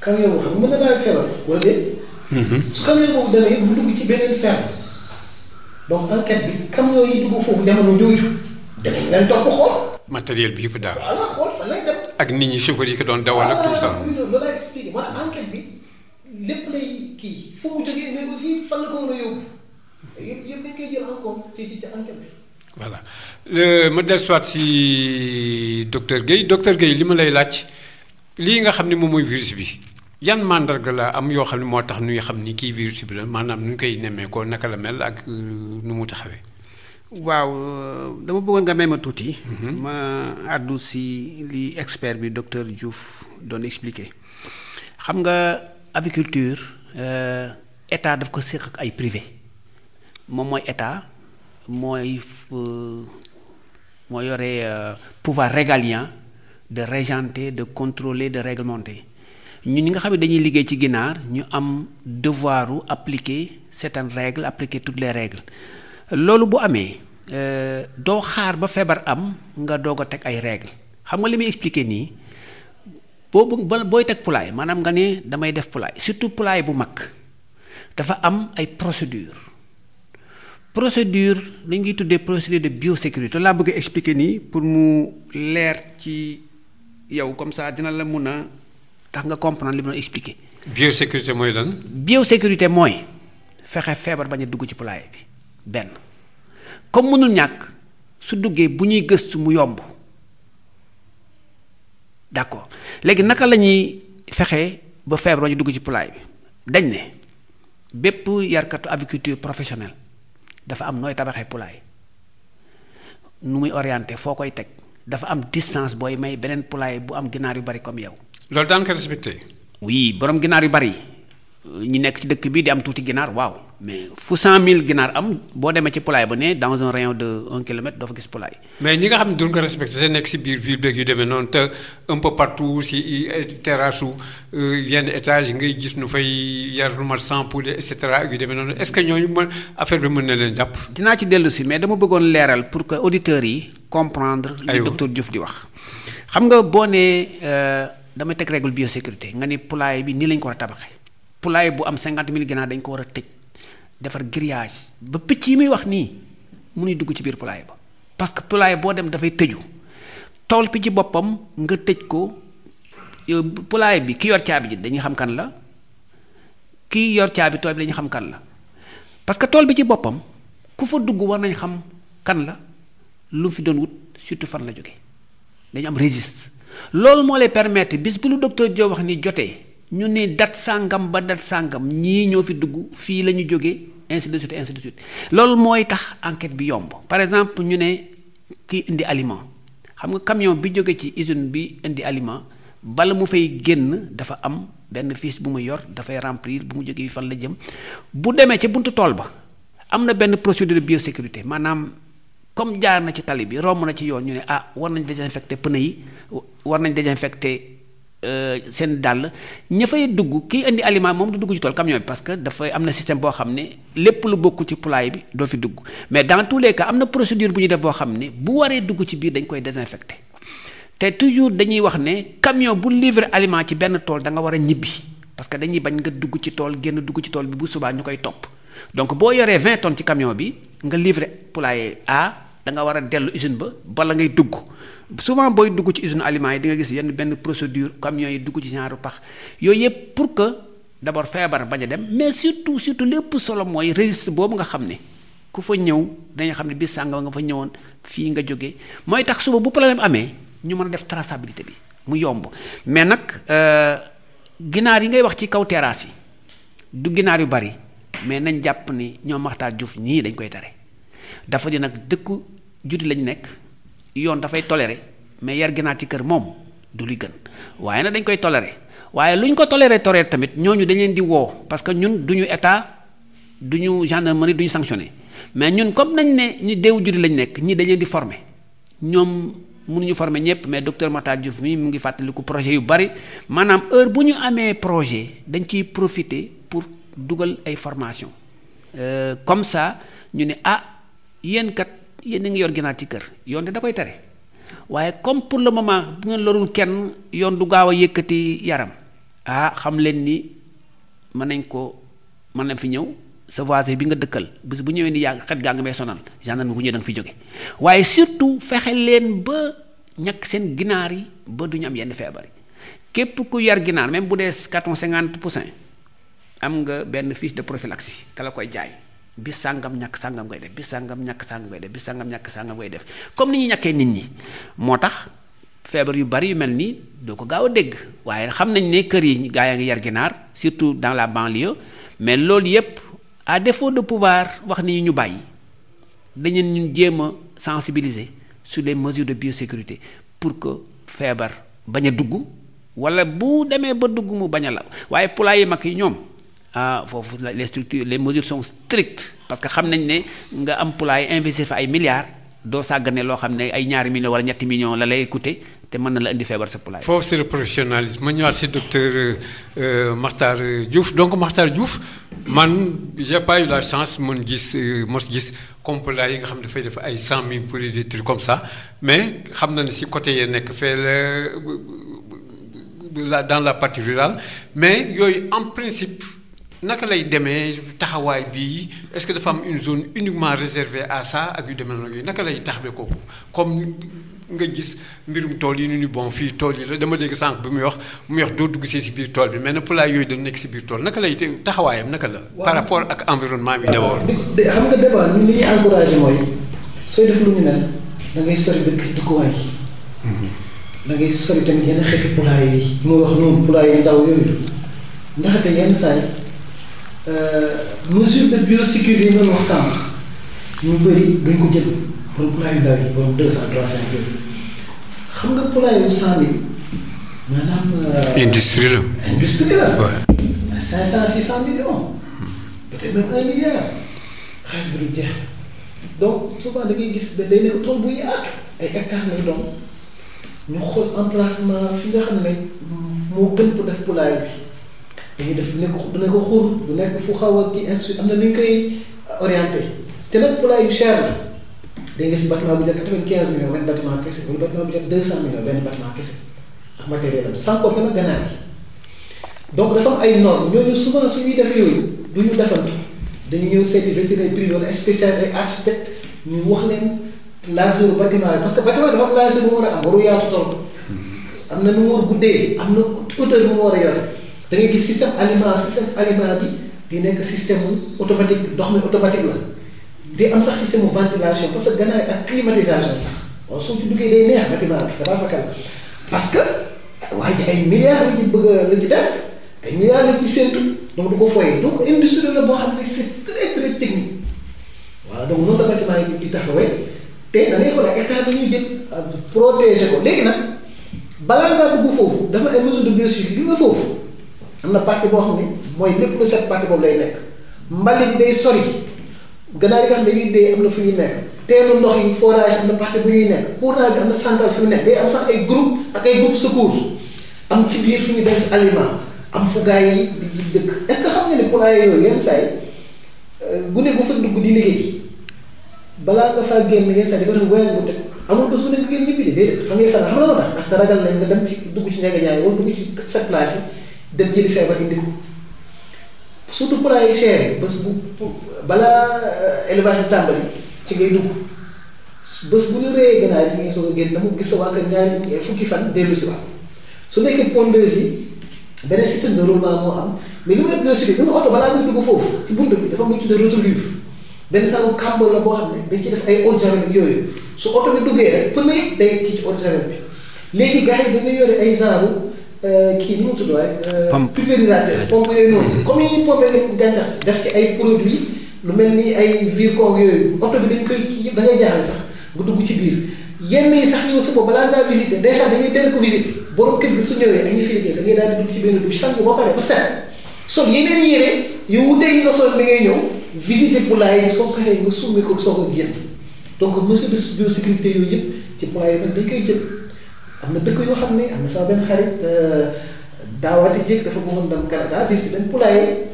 C: camion boo xam ne mën na daal feebar wala déet. Mhm. su camion boobu demee mu dugg ci beneen fer donc enquête bi camion yi dugg foofu jamono jooju danañ
A: leen topp xool. matériel bi yëpp daal. voilà xool fan lañ dem. ak nit ñi chauffeur yi ko doon dawal ak tout ça. Ah,
C: loolu laay expliqué maanaam enquête. lépp lay kii fu mu jógee mais fan la ko mën yóbbu yëpp yëpp dañ
A: euh, si docteur géey docteur Guèye li ma lay laaj lii nga xam ne moom mooy virus bi yan màndarga la am yoo xam ne moo tax ñuy xam ni kii virus bi la maanaam nu ñu koy nemmeekoo naka la mel ak euh, nu mu taxawee.
B: waaw euh, dama bëggoon nga may ma tuuti. Mhm. ma àddu si li expert bi docteur Diouf doon expliqué xam nga. aviculture euh, état daf ko séq ay privé moom mooy état mooy euh, moo yore euh, pouvoir régalien de régenter de contrôler de réglementer ñun ñi nga xam ne dañuy liggéey ci ginaar ñu am devoiru appliquer certaines règles appliquer toutes les règles loolu bu amee doo xaar ba feebar am nga doog a teg ay règles xam nga li muy expliquer nii boo bëgg booy teg poulailler maanaam nga ni damay def poulailler surtout poulailler bu mag dafa am ay procédure procédure la ngi tuddee procédure de biosécurité laa bëgg a nii pour mu leer ci yow comme ça dina la mun a tax nga comprendre li ma doon expliquer.
A: biosécurité mooy lan. biosécurité mooy fexe
B: feebar bañ a dugg ci poulailler bi benn comme mënul ñàkk su duggee bu ñuy gëstu mu yomb. d'accord léegi naka lañuy fexe fexee ba feebar ñu dugg ci poulailler bi dañ ne bépp yarkatu aviculture professionnelle dafa am nooy tabaxee poulailler nu muy orienté foo koy teg dafa am distance booy may beneen poulaay bu am ginaar yu bari comme yow. loolu daan ko respecté. oui borom ginaar yu bari ñu nekk ci dëkk bi di am tuuti ginaar waaw. mais fu cent mille ginaar am boo demee ci poulailler ba ne dans un rayon de un kilomètre doo fa gis poulailler.
A: mais ñi nga xam ne duñ ko respecté te nekk si biir ville beeg yu demee noonu te un peu partout si terrasse euh, yenn étage ngay gis nu fay yar lu mat sans poulet et cetera yu demee noonu est ce que ñooñu mën affaire bi mën na leen jàpp. dinaa ci dellu mais dama bëggoon leeral pour que auditeurs yi
B: comprendre. li docteur Diouf di wax. xam nga boo nee euh, dama teg règle biosécurité nga ni poulailler bi nii lañ ko war a tabaxee poulailler bu am cinquante mille ginaar dañ ko war a tëj. defar grillage ba picc yi muy wax nii mu nuy dugg ci biir poulailler ba parce que poulailler boo dem dafay tëju tool bi ci boppam nga tëj ko poulailler bi ki yor caabi ji dañuy xam kan la ki yor caabi tool bi dañuy xam kan la parce que tool bi ci boppam ku fa dugg war nañ xam kan la lu fi doon wut surtout fan la jóge dañu am registre loolu moo lay permettre bis bu lu docteur joo wax nii jotee. ñu ne dat sàngam ba dat sàngam ñii ñoo fi dugg fii la ñu jógee ainsi de suite ainsi de suite loolu mooy tax enquête bi yomb par exemple ñu ne kii indi aliment xam nga camion bi jóge ci usine bi indi aliment bala mu fay génn dafa am benn fiche bu mu yor dafay remplir bu mu jógee fan la jëm bu demee ca buntu tool ba am na benn procédure de biosécurité maanaam comme jaar na ci tali bi romb na ci yoon ñu ne ah war nañ désinfecté pneu yi war nañ désinfecté Euh, seen dàll ña fay dugg kii indi aliment moom du dugg ci tool camion bi parce que dafay am na système boo xam ne lépp lu bokkul ci poulailler bi doo fi dugg mais dans tous les cas am na procédure bu ñu def boo xam ne bu waree dugg ci biir dañ koy désinfecté te toujours dañuy wax ne camion bu livre aliment ci benn tool da nga war a ñibbi parce que dañuy bañ nga dugg ci tool génn dugg ci tool bi bu subaa ñu koy topp donc boo yoree 20 tonnes ci camion bi nga livre poulailler A da nga war a dellu usine ba bala ngay dugg souvent booy dugg ci usine aliment yi di nga gis yenn benn procédure camion yi dugg ci ñaaru pax yooyu yëpp pour que d'abord feebar bañ a dem mais surtout surtout lépp solo mooy registre boobu nga xam ni ku fa ñëw dañu xam ne bis sàngam nga fa ñëwoon fii nga jóge mooy tax suba bu problème amee ñu man a def traçabilité bi mu yomb mais nag euh, ginaar yi ngay wax ci kaw terrasse yi du ginaar yu bari mais nañ jàpp ni ñoom Makhtar Diouf ñii dañ koy tere. dafa di nag dëkku juddi lañu nekk yoon dafay toléré mais yar ginaar ci kër moom du li gën waaye na dañ koy tolere waaye lu ñu ko toléré toléré tamit ñooñu dañ leen di woo parce ñun du ñu état du ñu gendarmerie du ñu sanctionné mais ñun comme nañ ne ñu déewu juddi lañ nekk ñii dañ di former ñoom mënuñu former ñëpp mais docteur Matar Diouf mi mu ngi fàttaliku projet yu bari maanaam heure bu ñu amee projet dañ ciy profiter pour dugal ay formation euh, comme yéen kat yéen a ngi yor ginaar ci kër yoon de da koy tere waaye comme pour le moment bu ngeen lorul kenn yoon du gaaw a yëkkati yaram ah xam leen ni mën nañ ko mën nañ fi ñëw sa voisin bi nga dëkkal bis bu ñëwee ni yàgg xet gaa nga may sonal gendarme bu ñëwee da fi jóge waaye surtout fexe leen ba ñàkk seen ginaar yi ba du ñu am yenn feebar yi képp ku yar ginaar même bu dee quatre cinquante pour cent am nga benn fiche de prophylaxie ka la koy jaay. bis sàngam ñàkk sangam ngay def bis sàngam ñàkk sàngam ngay def bis sàngam ñàkk sàngam ngay def comme ni ñu ñàkkee nit ñi moo tax feebar yu bari yu mel nii doo ko gaaw a dégg waaye xam nañ ne kër yi gaa yaa ngi yar ginaar surtout dans la banlieue mais loolu yépp à défaut de pouvoir wax ni ñu bàyyi dañu ñun jéem a sensibiliser sur les mesures de biosécurité pour que feebar bañ a dugg wala bu demee ba dugg mu bañ a la waaye poulailler mag yi ñoom ah foofu les structures les mesures son strictes parce que xam nañ ne nga am employé investir fa ay milliards doo sàggane loo xam ne ay ñaari millions wala ñetti millions la lay coûter te mën na la indi feebar sa poulailler.
A: foofu c'est le professionnalisme ma ñëwaat si docteur euh, Makhtar Diouf donc maxtar Diouf man j'ai pas eu la chance mën gis euh, mos gis comme poulailler yi nga xam ne dafay def ay cent mille pour des trucs comme ça mais xam na ne si côté yee nekk fee la euh, la dans la partie rurale naka lay demee taxawaay bii est-ce que dafa am une zone uniquement réservée à ça ak yu demee noonu yooyu naka lay taxawee kooku comme nga gis mbirum tool yi nu ni bon fii tool yi la dama dégg sànq bi muy wax muy wax dugg see si biir tool bi mais na poulailler yooyu dañ nekk si biir tool naka lay taxawaayam naka la. par rapport ak environnement bi d'abord.
C: di xam nga débat mhm. yenn xeetu wax Euh, mesure de biosécurité yi noonu wax sànq ñu bëri ko jël borom poulailler yu ndaw yi borom deux cent trois cent yooyu xam nga poulailler yu cent euh, la.
A: industrie la. waaw.
C: cinq cent six cent millions. peut-être même un milliard. xaalis bi du jeex donc souvent da ngay gis day nekk tool bu yaatu ay hectares lay doon fi nga xam ne moo gën ko def bi. ñu def du nekk du nekk xur du nekk fu xaw a kii am na nu ñu koy orienté te nag cher la da bu jar quatre-vingt-quinze millions benn bâtiment kese wala bâtiment bu jar deux cent millions benn bâtiment kese am sans compter nag ganaar donc dafa am ay normes ñooñu souvent suñuy def yooyu du ñu defantu dañu ñëw seeti vétérinaire privé wala spécialiste ay architecte ñu wax leen largeur bâtiment bi parce que bâtiment dafa am largeur bu mu war a am waru yaatu tool hmm. am na nu mu war guddee am na hauteur bu mu war a yor da ngay gis système aliment système aliment bi di nekk système automatique ndox mi automatique la di am sax système ventilation parce que gannaay ak climatisation sax waaw suuf si duggee day neex bâtiment bi damaa fekkal parce que waa ji ay bëgg la ci def ay milliards la ci séntu du ko foyee donc industrie la boo xam ne c'est très très technique waaw donc noonu la bâtiment yi di taxawee te da ngay xool état bi jël euh, protéger ko léegi nag balaa ngaa dugg foofu ay mesures foofu. am na partie boo xam ne mooy lépp lu set partie boobu lay nekk mbalit day sori gannaaw yi nga xam ne dañuy dee am na fu ñuy ndox yi forage am na partie bu ñuy nekk courant bi am fu ñu nekk day am sax ay groupe ak ay groupe secours am ci biir fu ñu denc aliment am fu gaa yi di est-ce que xam ne poulailler yooyu yenn saa yi euh, liggéey balaa saa yi di bu teg amul bés bu nekk ngeen ñibbi de déedéet fa ngay fanaan xam nga lu tax ndaxte ragal nañ nga dem ci dugg ci njëgëjaay wala dugg ci sa place yi dem jëli feebar indi ko surtout poulailler yi cher bés bu balaa euh, élevage bi tàmbali ci ngay dugg bés bu ñu reyee ganaar yi ñu soo génn dama gis sa waa kër ñaari fukki fan dellu si waat su nekkee pondeuse yi beneen système de roulement moo am mais li ma leen gëstu bi nga oto balaa foofu ci bunt bi dafa mujj de rotovive benn saabu kàmb boo xam ne dañ ciy def ay eau de javel ak yooyu su oto bi duggee rek pneu day kii ci eau de javel bi léegi gars yi dañuy yore ay genre. Euh, kii bi mu tudd waaye. Euh, pompe pulvérisateur pompe yooyu noonu. Mm-hmm. comme yi ñuy pompé gàncax def ci ay produits lu mel ni ay vir koog yooyu oto bi dañ koy kii yëpp da ngay jaaxal sax bu dugg ci biir yenn yi sax yow si boobu balaa ngaa visité déjà dañuy teel ko visité borom kër gi su ñëwee ak ñi fi liggéey da ngay daal di dugg ci benn douche sangu ba pare ba set sol yeneen yére yu wutee yi nga sol da ngay ñëw visité poulailler bi soo ko xëyee nga summi ko soo ko génn donc mesure de sécurité yooyu yëpp ci poulailler bi dañ koy jël. am na dëkk yoo xam ne am na sama benn xarit euh, daawaati jéeg dafa bëggoon dem Canada visite leen poulailler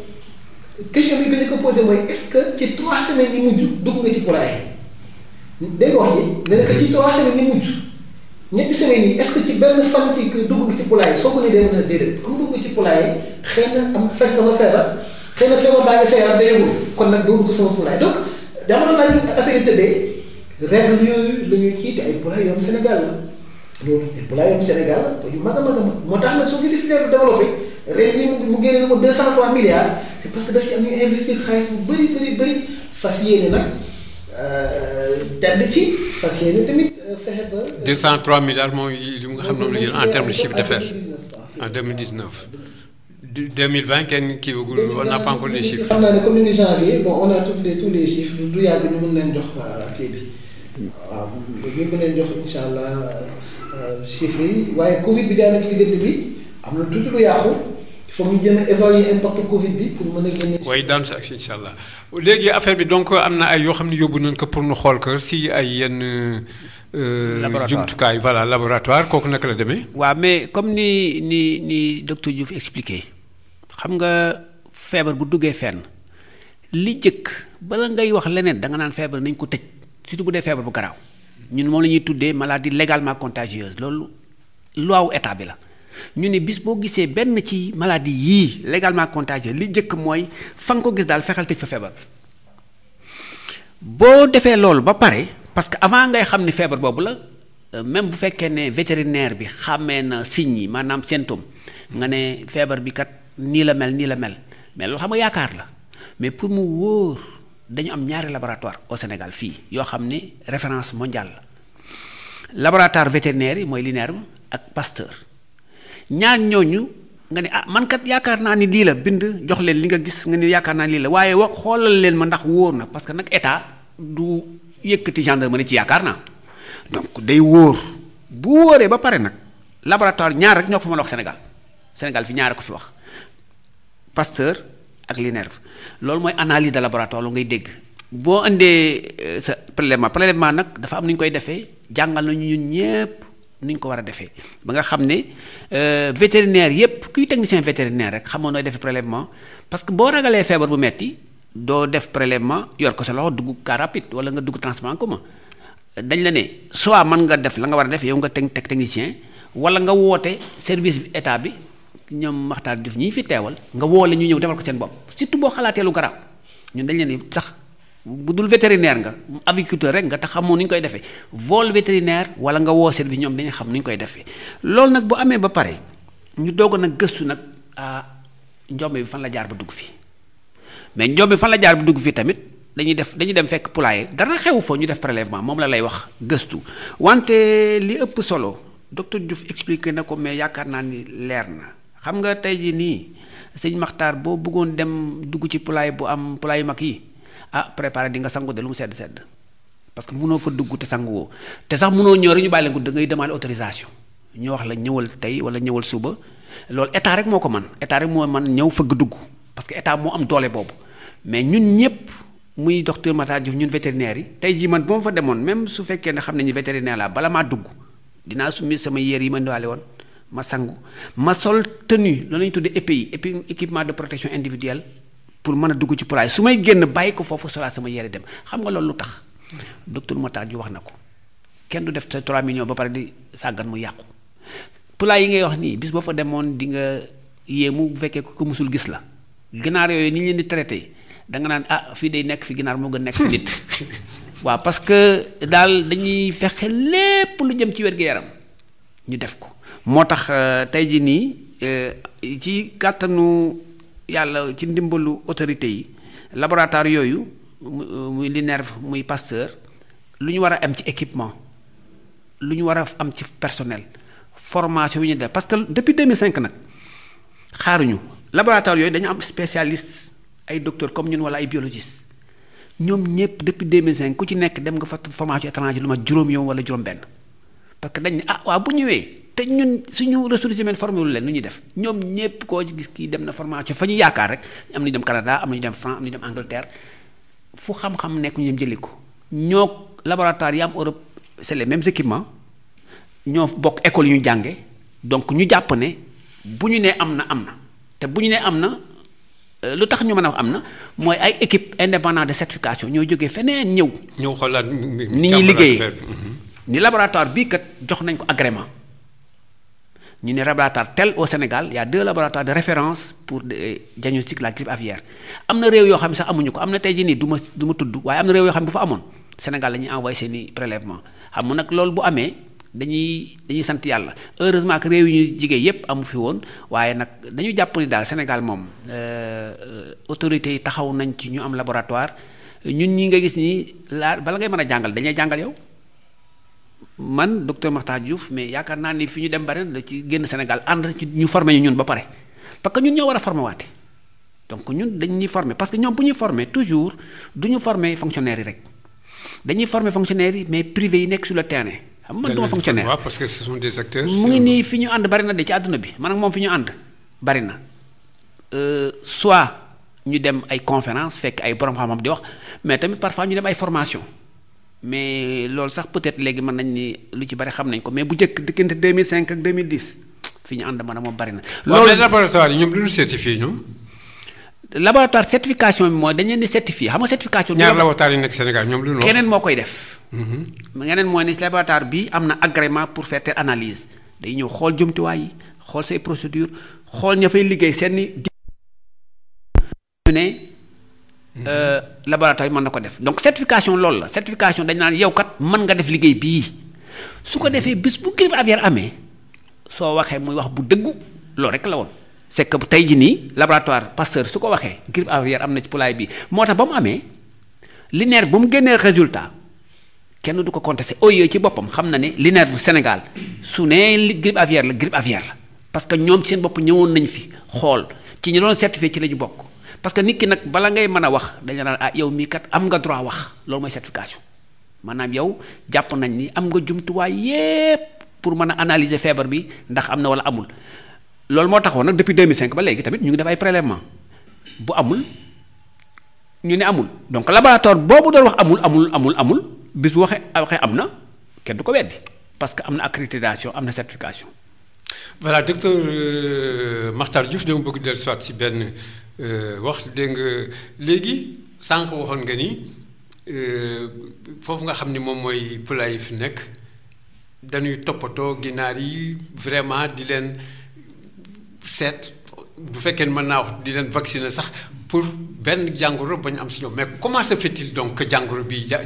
C: question bi ñu ko posé ce que ci trois semaines yi mujj dugg nga ci poulailler dégg nga wax ji mm-hmm. nee na ko ci trois semaines yi mujj est-ce que ci benn fan ci dugg ci poulailler soo ko nee dee mën a déedéet comme dugg nga ci poulailler xëy na am fekk nga kon nag doo dugg sama poulailler donc dama la laaj affaire yooyu la ñuy kii te ay poulailler yoom la loolu balaa yomb Sénégal yu mag a mag a mag moo tax nag soo gisee fi nekk développé mu génne lu ma deux cent trois milliards c'est parce que daf ci am ñu investir xaalis bu fas yéene nag euh, tedd ci fas yéene tamit euh, fexe ba.
A: Euh, deux cent trois milliards mooy li nga xam ne moom la ñu en terme de chiffre d'affaires en deux mille dix neuf. deux mille vingt kenn kii wagul n'a pas naa ne commune janvier
C: bon on a tous les tous les chiffres du yàgg leen jox kii bi mm. waaw ñu mën jox incha allah. Euh, chiffres yi waaye Covid bi daanaka diggante bi am na tuuti lu yàqu il faut ñu jéem impact Covid bi pour mën a génne.
A: waaye daan si ak incha allah léegi affaire bi donc am na ay yoo xam ne yóbbu nañ ko pour ñu xool ko si ay yenn. Euh, laboratoire jumtukaay voilà laboratoire kooku naka la demee. waa mais comme ni ni ni docteur Diouf
B: expliqué xam nga feebar bu duggee fenn li jëkk bala ngay wax leneen danga naan feebar nañ ko tëj surtout bu dee feebar bu garaaw. ñun moom la ñuy tuddee maladie légalement contagieuse loolu loi wu état bi la ñu ne bis boo gisee benn ci maladie yii légalement contagieuse li njëkk mooy fa nga ko gis daal fexeel tëj fa feebar boo defee loolu ba pare parce que avant ngay xam ni feebar boobu la euh, même bu fekkee ne vétérinaire bi xàmmee na signes yi maanaam symptôme nga ne feebar bi kat nii la mel nii la mel mais loolu xam nga yaakaar la mais pour mu wóor. dañu am ñaari laboratoire o Sénégal fii yoo xam ne référence mondiale la laboratoire vétérinaire yi mooy l'INERM ak Pasteur ñaar ñooñu nga ne ah man yaakaar naa ni lii la bind jox leen li nga gis nga ne yaakaar naa lii la waaye wax xoolal leen ma ndax wóor na parce que nag état du yëkkati ma gendarmerie ci yaakaar naa donc day wóor bu wóoree ba pare nag laboratoire ñaar rek ñoo ko fa mën a wax Sénégal Sénégal fi ñaar ko fi wax Pasteur ak l'INERM loolu mooy analyse de laboratoire lu ngay dégg boo indee euh, sa prélèvement prélèvement nag dafa am nu ñu koy defee jàngal nañu ñun ñépp ni ñu ko war a defee ba nga xam ne euh, vétérinaire yépp kuy technicien vétérinaire rek xamoon nooy defee prélèvement parce que boo ragalee feebar bu metti doo def prélèvement yor ko sa loxo dugg car rapide wala nga dugg transport en commun dañ la ne soit man nga def la nga war a def yow nga teg technicien wala nga woote service état bi ñoom maxtaar def ñi fi teewal nga woole ñu ñëw defal ko seen bopp surtout boo xalaatee lu garaaw ñun dañ leen di sax bu dul vétérinaire nga aviculteur rek nga tax xamoo ni ñu koy defee vol vétérinaire wala nga woo service ñoom dañu xam ni ñu koy defee loolu nag bu amee ba pare ñu doog nag gëstu nag ah njombe fan la jaar ba dugg fii mais njombe bi la jaar ba dugg fii tamit dañuy def dañuy dem fekk poulailler dara xewu fa ñu def prélèvement moom la lay wax gëstu wante li ëpp solo docteur Diouf expliqué na ko mais yaakaar naa ni leer na. xam nga tey jii nii sëñ Maxtaar boo bëggoon dem dugg ci pulaay bu am pulaay mag yi ah préparé di nga sangu de lu mu sedd sedd parce que mënoo fa dugg te sangu woo te sax mënoo ñëw rek ñu bàyyi la da ngay demander autorisation ñu wax la ñëwal tey wala ñëwal suba loolu état rek moo ko man état rek moo man ñëw fëgg dugg parce que état moo am doole boobu mais ñun ñëpp muy docteur Matar Diouf ñun vétérinaire yi tey jii man boo fa demoon même su fekkee ne xam nañu vétérinaire laa bala maa dugg dinaa summi sama yére yi ma ndiwaale woon ma sangu ma sol tenue loolu la ñuy tuddee EPI équipement de protection individuelle pour mën a dugg ci poulailler su may génn bàyyi ko foofu solaat sama yare dem xam nga loolu lu tax docteur Matar ji wax na ko kenn du def te 3 millions ba pare di sàggan mu yàqu poulailler yi ngay wax nii bis boo fa demoon di nga mu bu fekkee ku mosul gis la ginaar yooyu ni ñu leen di traité danga naan ah fii day nekk fi ginaar moo gën nekk fi nit [LAUGHS] waaw parce que daal dañuy fexe lépp lu jëm ci wér yaram ñu def ko. moo tax euh, tey jii nii euh, ci kàttanu yàlla ci ndimbalu autorités yi laboratoire yooyu euh, muy l'INERV muy Pasteur lu ñu war a am ci équipement lu ñu war a am ci personnel formation yu ñu def parce que depuis cinq nag xaaruñu laboratoire yooyu dañu am spécialiste ay docteur comme ñun wala ay biologiste ñoom ñëpp depuis 2005 ku ci nekk dem nga fa formation étranger lu ma juróom yow wala juróom benn parce dañ ne ah waaw bu ñëwee. te ñun suñu ressources humaines formé wul leen nu ñuy def ñoom ñépp koo ci gis kii dem na formation fa ñu yaakaar rek am nañu dem Canada am nañu dem France am nañu dem Angleterre fu xam-xam nekk ñu dem jëli ko ñoo laboratoire yi am Europe c'est les mêmes équipements ñoo bokk école yu ñu jànge donc ñu jàpp ne bu ñu nee am na am na te bu ñu nee am na euh, lu tax ñu mën a am na mooy ay équipe indépendant de certification ñoo jógee feneen ñëw.
A: ñëw xoolaat ni ñuy liggéeyee.
B: ni laboratoire bii kat jox nañ ko agrément. ñu ne laboratoire tel au Sénégal y a deux de référence pour euh, diagnostic la grippe aviaire am na réew yoo xam ne sax amuñu ko am na tey jii nii du ma du ma tudd waaye am na réew yoo xam ne bu fa amoon Sénégal la ñuy envoyé seen i prélèvement xam nga nag loolu bu amee dañuy dañuy sant yàlla heureusement que réew yi ñu jigéen yépp amu fi woon waaye nag dañu jàpp ni daal Sénégal moom euh, euh, autorités yi taxaw nañ ci ñu am laboratoire ñun ñi nga gis nii laa bala ngay mën a jàngal dañuy jàngal man docteur Makhtar Diouf mais yaakaar naa ni fi ñu dem bare da ci génn Sénégal ànd ci ñu formé ñu ñun ba pare parce que ñun ñoo war a formé waate donc ñun dañ ñuy formé parce que ñoom bu ñuy formé toujours du ñu formé fonctionnaire yi rek dañuy forme fonctionnaire yi mais privé yi nekk sur le terrain. xam man duma fonctionnaire waaw
A: parce que mu ngi
B: nii fi ñu ànd bari na de ci àdduna bi man ak moom fi ñu ànd bari na euh, soit ñu dem ay conférence fekk ay borom xam-xam di wax mais tamit parfois ñu dem ay formation mais loolu sax peut-être léegi mën nañ ni lu ci bari xam nañ ko mais bu njëkk diggante 2005 ak 2010 fi ñu ànd maanaam moom bari na. loolu mais
A: laboratoire yi ñoom du ñu certifié ñoom. laboratoire
B: certification bi mooy dañ leen di certifié xam nga certification. ñaar laboratoire
A: yi nekk Sénégal ñoom lu ñu keneen moo koy def. Mhm.
B: keneen mooy ni laboratoire bi am na agrément pour faire analyse day ñëw xool jumtuwaay yi xool say procédure xool ña fay liggéey seen i. ne. Euh, laboratoire bi mën na ko def donc certification loolu la certification dañ naan yow kat man nga def liggéey bii su ko defee bis bu grippe aviaire amee soo waxee muy wax bu dëggu loolu rek la woon c'est que tey jii nii laboratoire Pasteur su ko waxee grippe aviaire am na ci poulailler bi moo tax ba mu amee lineer bu mu génnee résultat kenn du ko contesté OIE ci boppam xam na ni lineer bu Sénégal su nee grippe aviaire la grippe aviaire la parce que ñoom seen bopp ñëwoon nañ fi xool ci ñu doon certifié ci la ñu bokk. parce que nit ki nag bala ngay mën a wax dañu naan ah yow mii kat am nga droit wax loolu mooy certification maanaam yow jàpp nañ ni am nga jumtuwaay yépp pour mën a analyser feebar bi ndax am na walla amul loolu moo taxoon nag depuis 2005 ba léegi tamit ñu ngi dafay ay bu amul ñu ne amul donc laboratoire boobu doon wax amul amul amul amul bis bu waxee waxee am na kenn du ko weddi parce que am na accréditation am na certification.
A: voilà docteur euh, Makhtar Diouf dama bëgg dellusiwaat si benn. Euh, wax dégg nga léegi sànq waxoon nga ni euh, foofu nga xam ni moom mooy yi fi nekk dañuy toppatoo ginaar yi vraiment di leen seet bu fekkee mën naa wax di leen vacciner sax pour benn jàngoro ba ñu am si ñoom mais comment se fait-il donc que jàngoro bi ja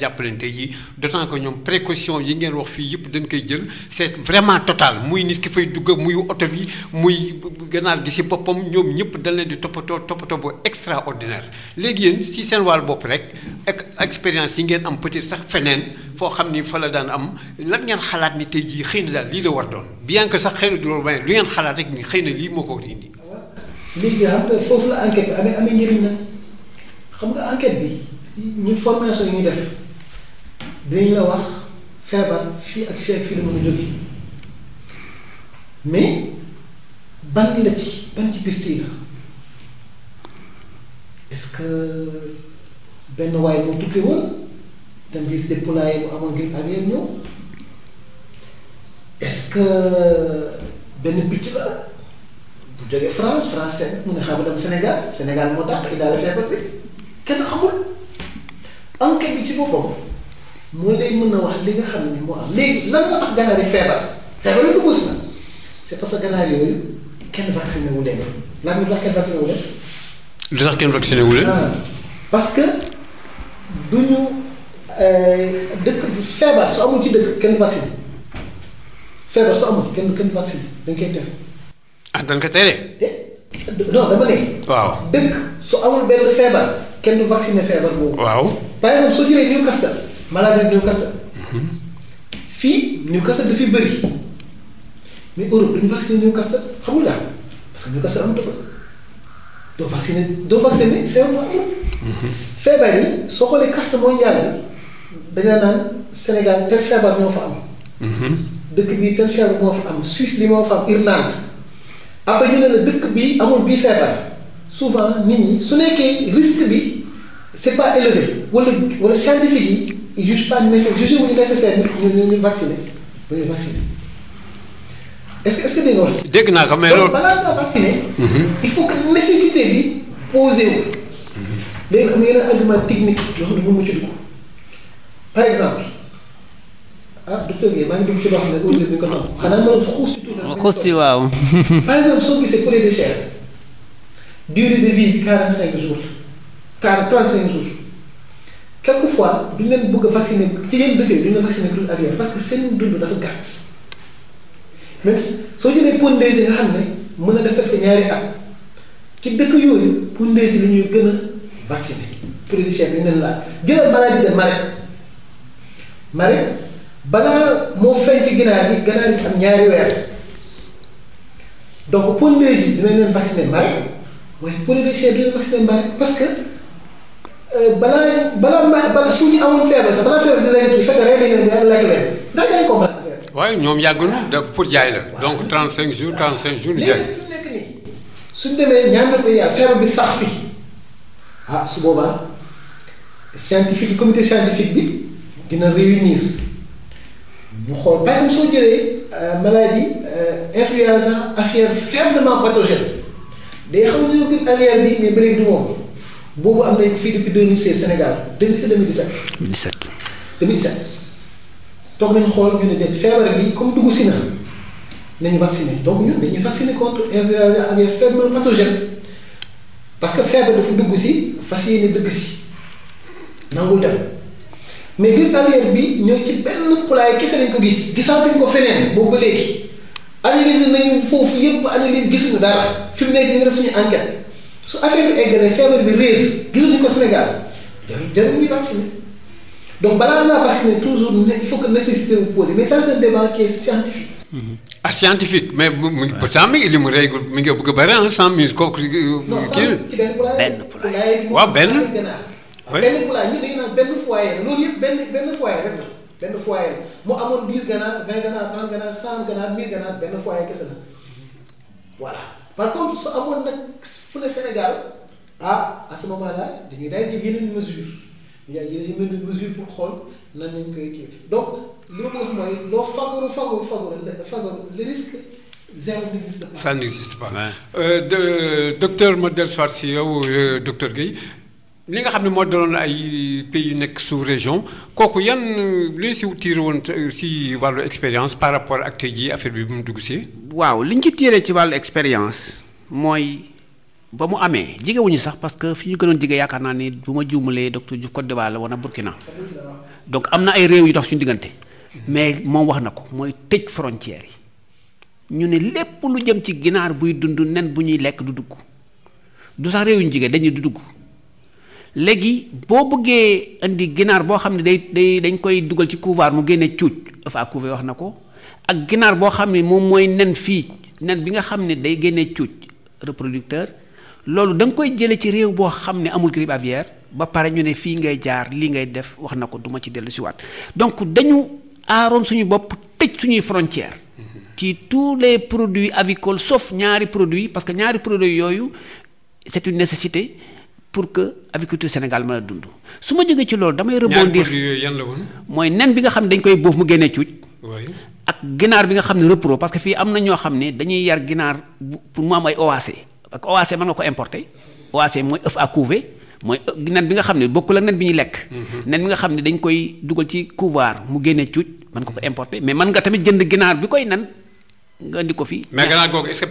A: jàppalante yi d'autant que ñoom précaution yi ngeen wax fii yëpp dañ koy jël c'est vraiment total muy nit ki fay dugg muy oto bi muy ganaar gi si boppam ñoom ñëpp dañ leen di toppatoo toppatoo bu extraordinaire léegi yéen si seen wàll bopp rek ak expérience yi ngeen am peut-être sax feneen foo xam ni fa la daan am lan ngeen xalaat ni tey jii xëy na daal lii la war doon bien que sax xëy na du xëy na lii moo ko indi.
C: léegi xam nga foofu la enquête bi amee amee njëriñ la xam nga enquête bi ñu formation yi ñuy def dinañ la wax feebar fii ak fii ak fii la mën a jóge mais ban la ci ban ci piste yi est-ce que benn waay moo tukki woon dem gis des poulailler bu amoon grippe aviaire ñëw est-ce que benn picc la. bu jógee France France seen mu ne Sénégal moo dàq kenn xamul enquête bi ci boppam moo lay mën a wax li nga xam ne moo am léegi lan moo tax ganaar yi feebar feebar yi dugus na c'est parce que ganaar yooyu kenn vacciné wu leen lan lu tax kenn vacciné wu leen.
A: lu tax kenn vacciné wu leen. Ah,
C: parce que du ñu euh, dëkk bi feebar su amul ci dëkk kenn vacciné feebar su amul kenn kenn vacciné dañ koy def.
A: ah dañ ko tere. te
C: non dama ne.
A: waaw dëkk
C: su amul benn feebar kenn du vacciner feebar boobu. waaw par exemple soo jëlee Newcastle maladie Newcastle. Mhm. fii Newcastle dafay bëri mais Europe duñu vacciner Newcastle xamul daal parce que Newcastle amul dafa doo vacciner doo vacciner feebar bu mhm. feebar yi soo xoolee carte mondiale bi dañaa naan Sénégal tel feebar moo fa am. Mhm. dëkk bi tel feebar moo fa am Suisse li moo fa am Irlande. après ñu ne la dëkk bi amul bii feebar souvent nit ñi su nekkee risque bi c'est pas élevé wala wala scientifique yi juge pas nécessaire juge wuñu nécessaire ñu ñu ñu vacciner ba ñu vacciner est-ce que est-ce que wax.
A: dégg naa ko mais loolu
C: balaa nga vacciner. Mhm. il faut que nécessité bi posé wu. Mhm. léegi am yeneen argument technique yoo xam ne mënu ma par exemple. ah docteur Guèye maa ci loo xam ne auditeurs yi ko nangu xanaa ma doon xuus ci tuuti [LAUGHS] de chair durée de vie quarante cinq jours quarante trente cinq jours fois duñ leen bëgg a vacciner ci yenn dëkk yi duñ leen vacciner tout aviaire parce que seen dund dafa gàtt même soo jëlee pondeuse yi nga xam ne mën a def presque ñaari at ci dëkk yooyu pour yi la ñuy gën a vacciner poulet de chair bi ñu leen laal jëlal maladie de marée marée. balaa moo feeñ ci ginaar yi ganaar yi am ñaari weer donc Polynésie dina leen vacciner Mbare waaye Polynésiens dina leen vacciner Mbare parce que euh, balaa balaa mbaa balaa su ñu amoon feebar sax balaa feebar dina fekk rek leen lekk ko a
A: faire. ñoom yàgg na da pour jaay la. donc 35 jours 35 jours. jaay léegi fi
C: nekk nii suñ demee ñaan na ko feebar bi sax fi ah su boobaa scientifique comité scientifique bi dina réunir. ñu xool par exemple soo jëlee euh, maladie euh, influenza aviaire faiblement pathogène day xam ne ñoo aviaire bi mais bëri du moom boobu am nañ fii depuis 2016 Sénégal 2016 2017. 2017. 2017 toog nañ xool ñu ne de feebar bi comme dugg si na nañu vacciné donc ñun dañuy vacciné contre influenza aviaire faiblement pathogène parce que feebar dafa dugg si fas yéene dëgg si nangul dem. mais biir carrière bi ñoo ci benn poulailler kese lañ ko gis gisaatuñ ko feneen boobu ba léegi analyse nañu foofu yépp analyse gisuñu daal fi mu nekk ñu def suñu enquête su affaire bi egg na feebar bi réer gisuñu ko Sénégal jarul jarul ñuy vacciner donc balaa ngaa vacciner toujours ne il faut que nécessité vous poser mais ça c'est un débat qui est scientifique.
A: ah scientifique mais mu ngi pourtant mi ngi li mu rey mi ngi bëgg a ah cent mille kooku. kii benn benn
C: poulailler ñu dañu benn foyer la loolu yëpp benn benn foyer rek la benn foyer la mu amoon dix ganaar vingt ganaar trente ganaar cent ganaar mille ganaar benn foyer kese la voilà par contre su amoon nag fu ne Sénégal ah à ce dañuy daal di yeneen mesure ñu yeneen mesure pour xool nan lañ koy kii donc li ma mooy loo fagaru fagaru fagaru fagaru le risque. zéro n'existe pas. ça
A: n'existe pas. Ouais. Euh, si yow euh, docteur Guèye. li nga xam ne moo doon ay pays nekk sous région kooku yan li si tiir woon si wàllu expérience par rapport ak tey jii affaire bi bu mu dugg si. waaw li ñu ci tiiree ci wàllu expérience mooy
B: ba mu amee jigewuñu sax parce que fi ñu gënoon jige yaakaar naa ni du ma juumalee docteur Diouf Côte d'Ivoire la woon a Burkina donc am na ay réew yu dox suñu diggante mais moom wax na ko mooy tëj frontière yi ñu ne lépp lu jëm ci ginaar buy dund nen bu ñuy lekk du dugg du sax réew yu ñu jige dugg. léegi boo bëggee indi ginaar boo xam ne day day dañ koy dugal ci couvoir mu génne cuuc ëf à couver wax na ko ak ginaar boo xam ne moom mooy nen fii nen bi nga xam ne day génne cuuj reproducteur loolu da nga koy jële ci réew boo xam ne amul grippe aviaire ba pare ñu ne fii ngay jaar lii ngay def wax na ko duma ci dellu siwaat donc dañu aaroon suñu bopp tëj suñuy frontière ci tous les produits avicoles sauf ñaari produits parce que ñaari produits yooyu c'est une nécessité pour que aviculture Sénégal ma a dund su ma jógee ci loolu damay rebondir yan la woon mooy nen bi nga xam ne dañ koy boof mu génnee cuuj ak ginaar bi nga xam ne repro parce que fii am na ñoo xam ne dañuy yar ginaar pour mu am ay OAC parce que OAC nga ko importer OAC mooy œuf à couver mooy nen bi nga xam ne bokkul la nen bi ñuy lekk mhm. nen bi nga xam ne dañ koy dugal ci couvoir mu génnee cuuj man nga ko importer mais mën nga tamit jënd ginaar bi koy nen nga indi ko fi. mais gannaaw
A: googu est-ce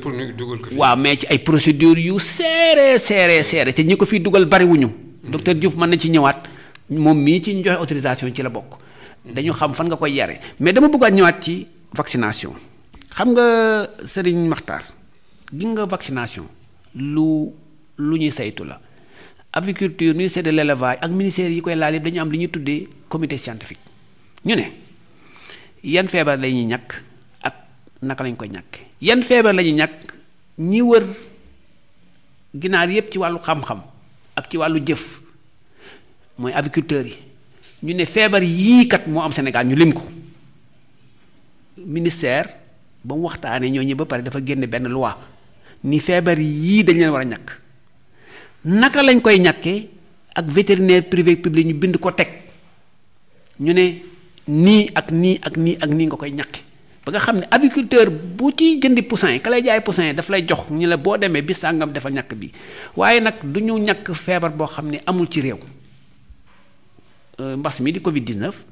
A: pour ñu dugal ko fi. waaw mais ci
B: ay procédures yu seeree seeree seeree te ñi ko fiy dugal bariwuñu. Mm-hmm. docteur Diouf mën na ci ñëwaat moom mii ci ñu joxe autorisation ci la bokk. Mm-hmm. dañu xam fan nga koy yare mais dama buggaat a ñëwaat ci vaccination xam nga Serigne Makhtar gi nga vaccination lu lu ñuy saytu la agriculture ministère de l'élevage ak ministère yi koy laal yëpp dañu am li ñuy tuddee comité scientifique ñu ne yan feebar lañuy ñàkk. naka lañ koy ñàkk yan feebar lañuy ñuy ñi wër ginaar yépp ci wàllu xam-xam ak ci wàllu jëf mooy aviculteurs yi ñu ne feebar yii kat moo am Sénégal ñu lim ko ministère ba mu waxtaanee ñooñu ba pare dafa génne benn loi ni feebar yii dañ leen war a ñàkk naka lañ koy ñàkkee ak vétérinaire privé public ñu bind ko teg ñu ne nii ak nii ak nii ak nii nga koy ñàkke ba nga xam ne aviculteur bu ci jëndi poussin yi ka lay jaay poussin yi dafa lay jox ñu la boo demee bi sàngam defal ñàkk bi waaye nag du ñu ñàkk feebar boo xam ne amul ci réew euh, mbas mi di Covid 19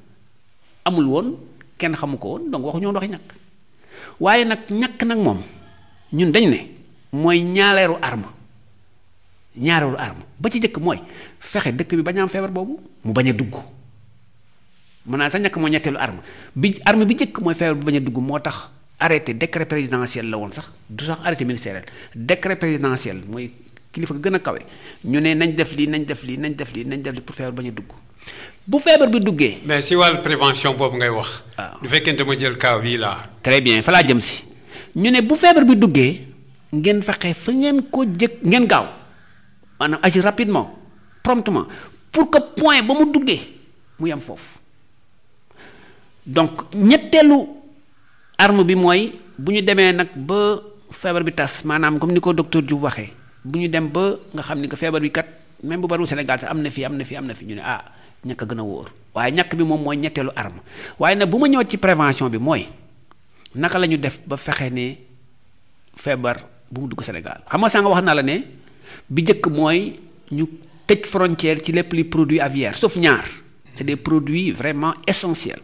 B: amul woon kenn xamu ko woon donc waxuñu woon waxi ñàkk waaye nag ñakk nag moom ñun dañ ne mooy ñaareelu arme ñaareelu arme ba ci jëkk mooy fexe dëkk bi bañ am feebar boobu mu bañ a dugg. maanaam sax ñàkk mooy ñetteelu arme bi arme bi njëkk mooy feebar bi bañ a dugg moo tax arrêté décret présidentiel la woon sax du sax arrêté ministériel décret présidentiel mooy kilifa gën a kawe ñu ne nañ def lii nañ def lii nañ def lii nañ def lii pour feebar bañ a dugg bu feebar bi duggee.
A: mais si wàllu prévention boobu ngay wax. waaw du fekkee dama jël kaaw bii laa. tre bien fa laa jëm si
B: ñu ne bu feebar bi duggee ngeen fexe fa ngeen ko jëkk ngeen gaaw maanaam agir rapidement promptement pour que point ba mu duggee mu yem foofu. donc ñetteelu arme bi mooy bu ñu demee nag ba feebar bi tas maanaam comme ni ko docteur Diouf waxee bu ñu dem ba nga xam ni que feebar bi kat même bu bariwul Sénégal sax am na fi am na fi am na fi ñu ne ah ñàkk a gën a wóor waaye ñàkk bi moom mooy ñetteelu arme waaye nag bu ma ñëw ci prévention bi mooy naka la ñu def ba fexe ne feebar bu mu dugg Sénégal xam nga sànq wax naa la ne bi njëkk mooy ñu tëj frontière ci lépp li produit aviaire sauf ñaar c'est des produits vraiment essentiels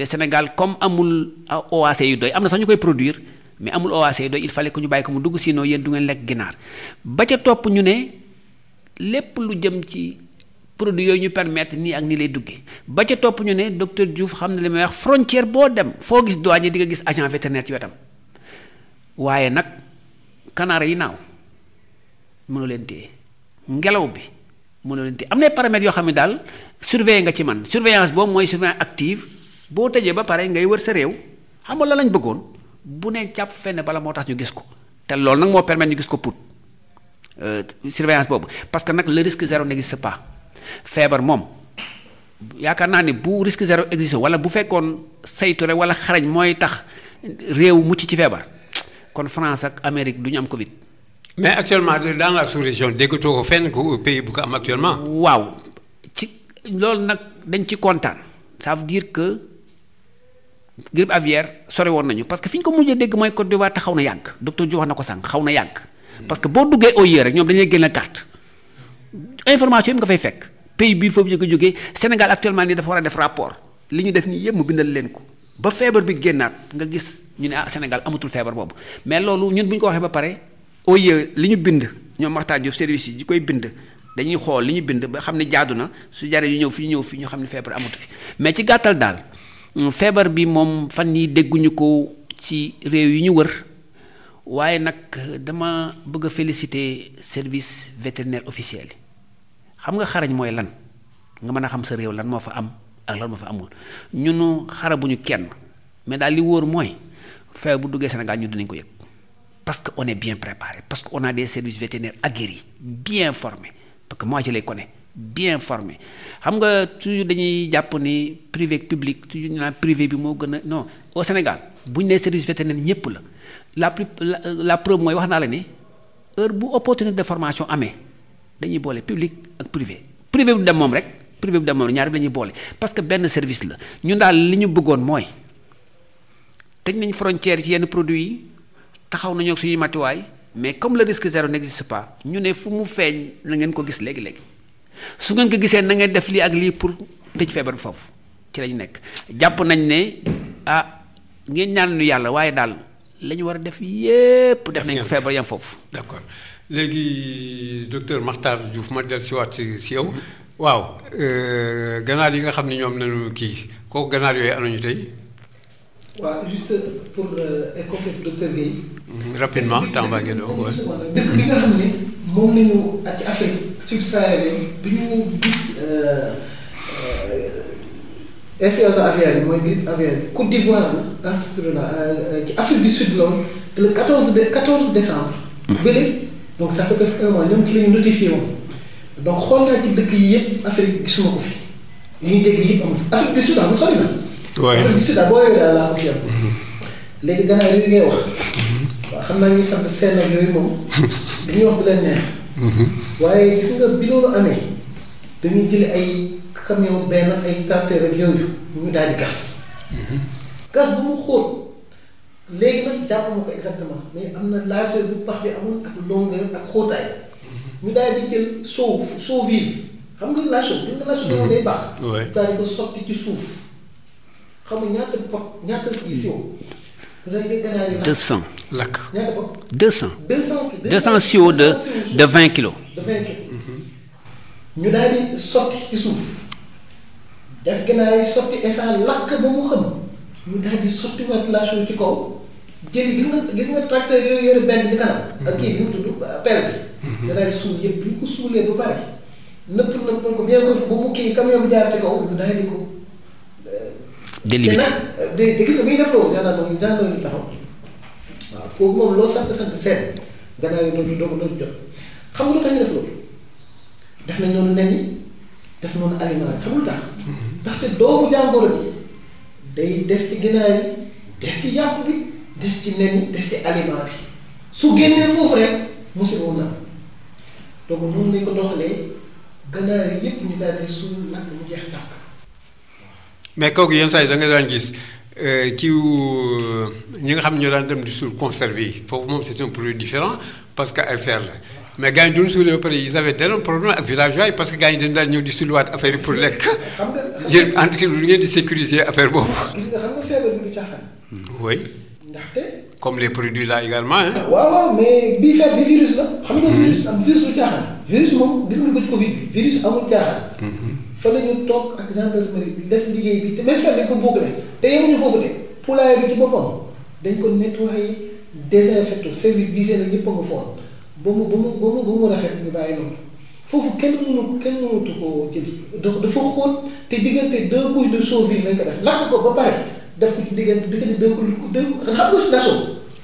B: te Sénégal comme amul ah, OAC yu doy am na sax ñu koy produire mais amul OAC yu doy il fallait que ñu bàyyi ko mu dugg sinon yéen du ngeen lekk ginaar ba ca topp ñu ne lépp lu jëm ci produit yooyu ñu permettre nii ak nii lay duggee ba ca topp ñu ne docteur Diouf xam ne li may wax frontière boo dem foo gis douane di nga gis agent vétérinaire ci wetam waaye nag kanaara yi naaw mënu leen téye ngelaw bi mënu leen téye am na paramètres yoo xam ne daal surveillance boo tëjee ba pare ngay wër sa réew xam nga la lañu bëggoon bu ne càpp fenn bala moo tax ñu gis ko te loolu nag moo permettre ñu gis ko put euh, surveillance boobu parce que nag le risque zéro n'existe pas feebar moom yaakaar naa ni bu risque zéro existe wala bu fekkoon saytu rek wala xarañ mooy tax réew mucc ci feebar kon France ak Amérique du ñu am Covid.
A: mais actuellement dans la sous-région déggatoo ko fenn ku pays bu ko am actuellement. waaw
B: ci loolu nag dañ ci
A: kontaan grippe
B: aviaire sore woon nañu parce que fi ñu ko mujjee dégg mooy Côte d'Ivoire te xaw na yàgg docteur Diouf na ko sànq xaw na yàgg. parce que boo duggee OIE rek ñoom dañuy génne carte information yi nga fay fekk pays bii foofu ñu ko jógee Sénégal actuellement nii dafa war a def rapport li ñu def nii yëpp mu bindal leen ko ba feebar bi génnaat nga gis ñu ne ah Sénégal amatul feebar boobu mais loolu ñun bu ñu ko waxee ba pare OIE li ñu bind ñoom waxtaan Diouf service yi ji koy bind. dañuy xool li ñu bind ba xam ne jaadu na su jaree ñu ñëw fi ñu ñëw fi ñu xam ne amatu fi mais ci gàttal daal feebar bi moom fan yi dégguñu ko ci réew yi ñu wër waaye nag dama bëgg a service vétérinaire officiel yi xam nga xarañ mooy lan nga mën a xam sa réew lan moo fa am ak lan moo fa amul ñunu xara bu ñu kenn mais daal li wóor mooy feebar bu duggee Sénégal ñu dinañ ko yëg parce que on est bien préparé parce que on a des services vétérinaires aguerris bien formés parce que moi ci les connais bien formé xam nga toujours dañuy jàpp ni privé public toujours ñu naan privé bi moo gën a non au Sénégal bu ñu nee service vétérinaire ñëpp la la plus la preuve mooy wax naa la ni heure bu opportunité de formation amee dañuy boole public ak privé privé bu dem moom rek privé bu dem moom ñaar bi la ñuy boole parce que benn service la ñun daal li ñu bëggoon mooy tëj nañ frontière ci yenn produits yi taxaw nañu ak suñuy matuwaay mais comme le risque zéro n'existe pas ñu ne fu mu feeñ na ngeen ko gis léegi léegi. su ngeen ko gisee na ngeen def lii ak lii pour dëj feebar bi foofu ci lañu nekk jàpp nañ ne ah ngeen ñaan nu yàlla waaye daal lañu war a def yépp def nañ ko feebar yam foofu
A: d'accord léegi docteur Makhtar Diouf ma del si waat si si yow waaw euh, ganaar yi nga xam ne ñoom nañu kii kooku ganaar yooyu anuñu tey
C: waaw juste pour et euh, compléter docteur Guèye.
A: Mhm, rapidement Tamba Guèye doo dëkk bi nga xam
C: ne moom la ñu ci Afrique subsaharienne bi ñu gis euh, euh, influence aviaire bi mooy grippe aviaire bi Côte d'Ivoire ah, la ci Afrique du Sud loolu le 14 de 14 décembre. Mhm. bële donc sa fait presque ñoom ci la ñu notifié woon donc xool naa ci dëkk yi yëpp Afrique gisuma ko fi li ñu dégg yëpp Afrique du Sud am ah, sori na. waaw résultat boo yore daal laa léegi gannaaw li ngay wax. Mm-hmm. waaw xam naa ñuy sant seen ak yooyu moom. [LAUGHS] dañuy wax bu leen neex. Mm-hmm. waaye gis nga bi loolu amee dañuy jëli ay camion benn ay tracteur ak yooyu ñu daal di gas. Mm-hmm. gas bu mu xóot. léegi nag jàpp ma ko exactement mais am na largeur bu pax bi amul ak longueur ak xóotaay ñu daal di jël soow soow vive xam nga la chose. gis nga la chose day baax. daal di ko sotti ci suuf. xam nga ñaata pot ñaata kii siwo. deux cent
A: lakk. ñaata pot cent. deux cent deux
C: de de vingt kilo de ñu daal di sotti ci suuf def ganaar yi sotti essence lakk ba mu xam ñu daal di sotti waat la ci kaw jëli gis nga gis nga tracteur yooyu yore benn ci kanam. ak kii bi mu tudd bi. da daal di yëpp bu ñu ko suulee ba pare nëpp nëppal ko bien que ba mu kii camion bi jaar ci kaw ñu daal di ko. délit bi te nag de de gis nga bi def loolu gendarme gendarme ñu taxaw waaw kooku moom loo sant sant seen gannaaw yi doo doo jot xam nga lu def loolu def nañ noonu nen yi def noonu aliment xam lu tax mhm. ndaxte doomu jàngoro bi day des ci ginaar yi bi des ci nen yi des ci aliment bi su génnee foofu rek musiba wu na donc noonu nañ ko doxalee ganaar yi yépp ñu daal su lakk mu jeex tàkk
A: mais kooku yenn saa yi da nga daan gis euh, ci euh, ñi nga xam ne ñoo daan dem di suul conservé yi foofu moom c'est un différent parce que ay fer la mais gars yi doon suulee ba pare ils avaient d'énormes problèmes ak villageois yi parce que gars yi dañu daan ñëw di suuliwaat affaire yi pour lekk yéen entreprise lu ngeen di sécuriser affaire boobu. Hmm. comme les produits là waaw
C: waaw mais bii feebar bi la. xam nga hmm. virus am virus du caaxaan. virus moom gis nga ko ci Covid fa la ñu toog ak gendarmerie bi def liggéey bi te même fenn dañ ko boucler te yemuñu foofu de poulailler bi ci boppam dañ ko nettoyé désinfecté service d'hygiène ak ñëpp a nga foon ba mu ba mu ba mu rafet ñu bàyyi noonu foofu kenn mënu kenn mënatu koo dafa xóot te diggante de chaux-vive lañ ko def lakk ko ba def ko ci diggante diggante deux couches deux xam nga su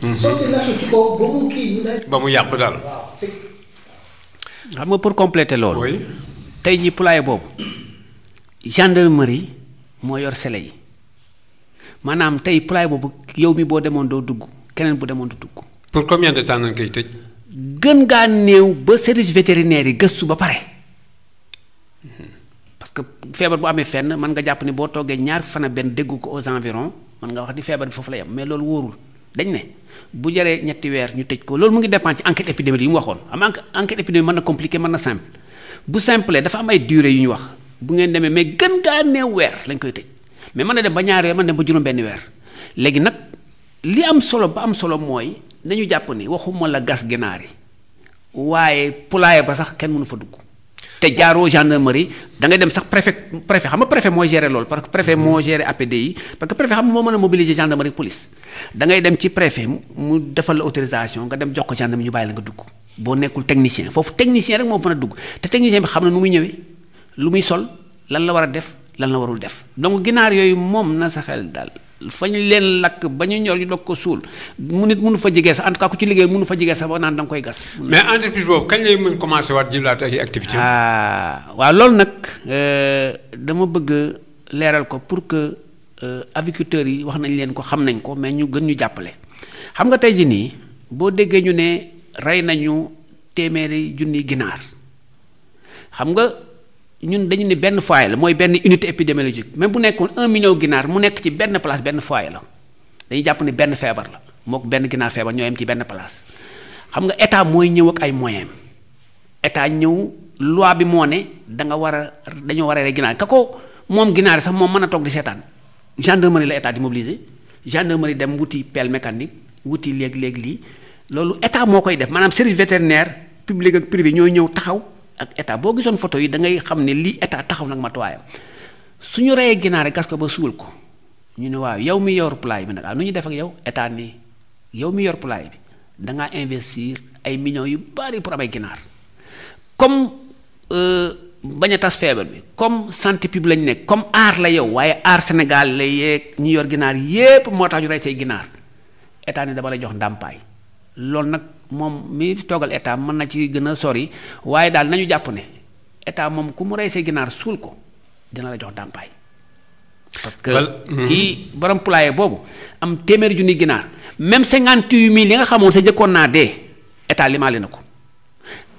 C: mhm. mu kii daal.
A: ba mu yàqu daal.
B: xam nga pour compléter loolu. oui tey jii poulailler boobu. gendarmerie moo yor sele yi maanaam tey poulailler boobu yow mi boo demoon doo dugg keneen bu demoon du dugg.
A: pour combien de temps nañ koy tëj.
B: gën ngaa néew ba service vétérinaire yi gëstu ba pare parce que feebar bu amee fenn mën nga jàpp ni boo toogee ñaar fan a benn déggu ko aux environs mën nga wax ni feebar bi foofu la yem mais loolu wóorul dañ ne bu jëree ñetti weer ñu tëj ko loolu mu ngi dépend ci enquête épidémique yi mu waxoon am enquête épidémique mën na compliqué mën na simple simple dafa am ay durée yu ñu wax. bu ngeen demee mais gën gaa neew weer lañ koy tëj mais mën a dem ba ñaari weer mën na dem ba juróom-benn weer léegi nag li am solo ba am solo mooy nañu jàpp ni waxuma la gas ginaar yi waaye poulailler ba sax kenn mënu fa dugg. te jaaroo gendarmerie da ngay dem sax préfet préfet xam nga préfet mooy gérer loolu parce nga moo mën a mobiliser mu defal la autorisation nga dem jox ko gendarmerie ñu bàyyi la nga dugg boo nekkul technicien foofu technicien rek moo mën a dugg te technicien bi xam na nu muy ñëwee. lu muy sol lan la war a def lan la warul def donc ginaar yooyu moom na sa xel daal fa ñu leen lakk ba ñu ñor ñu doog ko suul mu nit mënu fa jigee sax en tout cas ku ci liggéey mënu fa jigee sax ba naan da koy gas.
A: mais entreprise boobu kañ lay mën commencé waat jëlaat ay activités. ah waaw loolu nag euh,
B: dama bëgg leeral ko pour que euh, aviculteurs yi wax nañ leen ko xam nañ ko mais ñu gën ñu jàppale xam nga tey ji nii boo déggee ñu ne rey nañu téeméeri junni ginaar xam nga. ñun dañu ni benn foyer la mooy benn unité épidémiologique mais bu nekkoon un million ginaar mu nekk ci benn place benn foyer la dañuy jàpp ni benn feebar la moo mook benn ginaar feebar ñoo yem ci benn place xam nga état mooy ñëw ak ay moyens état ñëw loi bi moo ne da nga war a dañoo war a rey ginaar ka ko moom ginaar sax moom mën a togg di seetaan gendarmerie la état di mobiliser gendarmerie dem wuti pelle mécanique wuti léeg-léeg lii loolu état moo koy def maanaam service vétérinaire public ak privé ñooy ñëw taxaw. ak état boo gisoon photo yi da ngay xam ne lii état taxaw nag matuwaayam su ñu reyee ginaar gas ko ba suul ko ñu ne waaw yow mi yor poulailler bi nag ah nu ñu def ak yow état nii yow mi yor poulailler da ngaa investir ay millions yu bari pour am ay ginaar comme euh, bañ a tas feebar bi comme santé publique lañ nekk comme aar la yow waaye aar senegal la yeeg ñi yor ginaar yépp moo tax ñu rey say ginaar état ni dama lay jox ndàmpaay loolu nag. moom mi toogal état mën na ci gën a sori waaye daal nañu jàpp ne état moom ku mu rey say ginaar suul ko dina la jox dàmpaay parce que kii mhm. borom poulailler boobu am téeméer ju ni ginaar même cinquante huit mille li nga xamoon sa jëkkoon naa dee état limaale na ko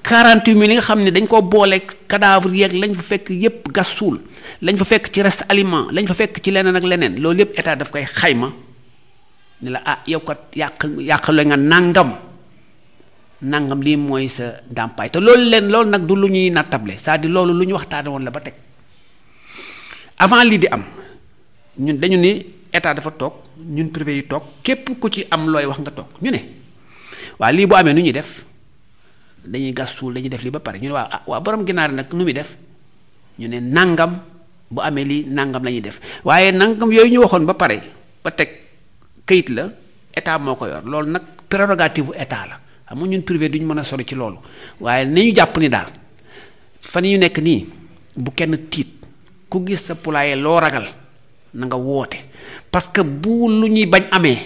B: quarante huit yi nga xam ne dañ koo boole cadavre yeeg lañ fa fekk yépp gas suul lañ fa fekk ci reste aliment lañ fa fekk ci leneen ak leneen loolu yépp état daf koy xayma ni la ah yow kat yàq yàq la nga nàngam nangam lii mooy sa ndàmpaay te loolu leen loolu nag du lu ñuy nattable table à di loolu lu ñu waxtaane woon la ba teg avant lii di am ñun dañu ni état dafa toog ñun privé yi toog képp ku ci am looy wax nga toog ñu ne waa lii bu amee nu ñuy def dañuy gas suul dañuy def lii ba pare ñu ne waa ah waa borom ginaar nag nu muy def ñu ne nangam bu amee lii nangam lañuy def waaye nangam yooyu ñu waxoon ba pare ba teg kayit la état moo ko yor loolu nag prérogative état la. xam nga ñun privé duñ mën a sori ci loolu waaye nañu jàpp ni daal fan yu nekk nii bu kenn tiit ku gis sa poulailler loo ragal na nga woote parce que bu lu ñuy bañ amee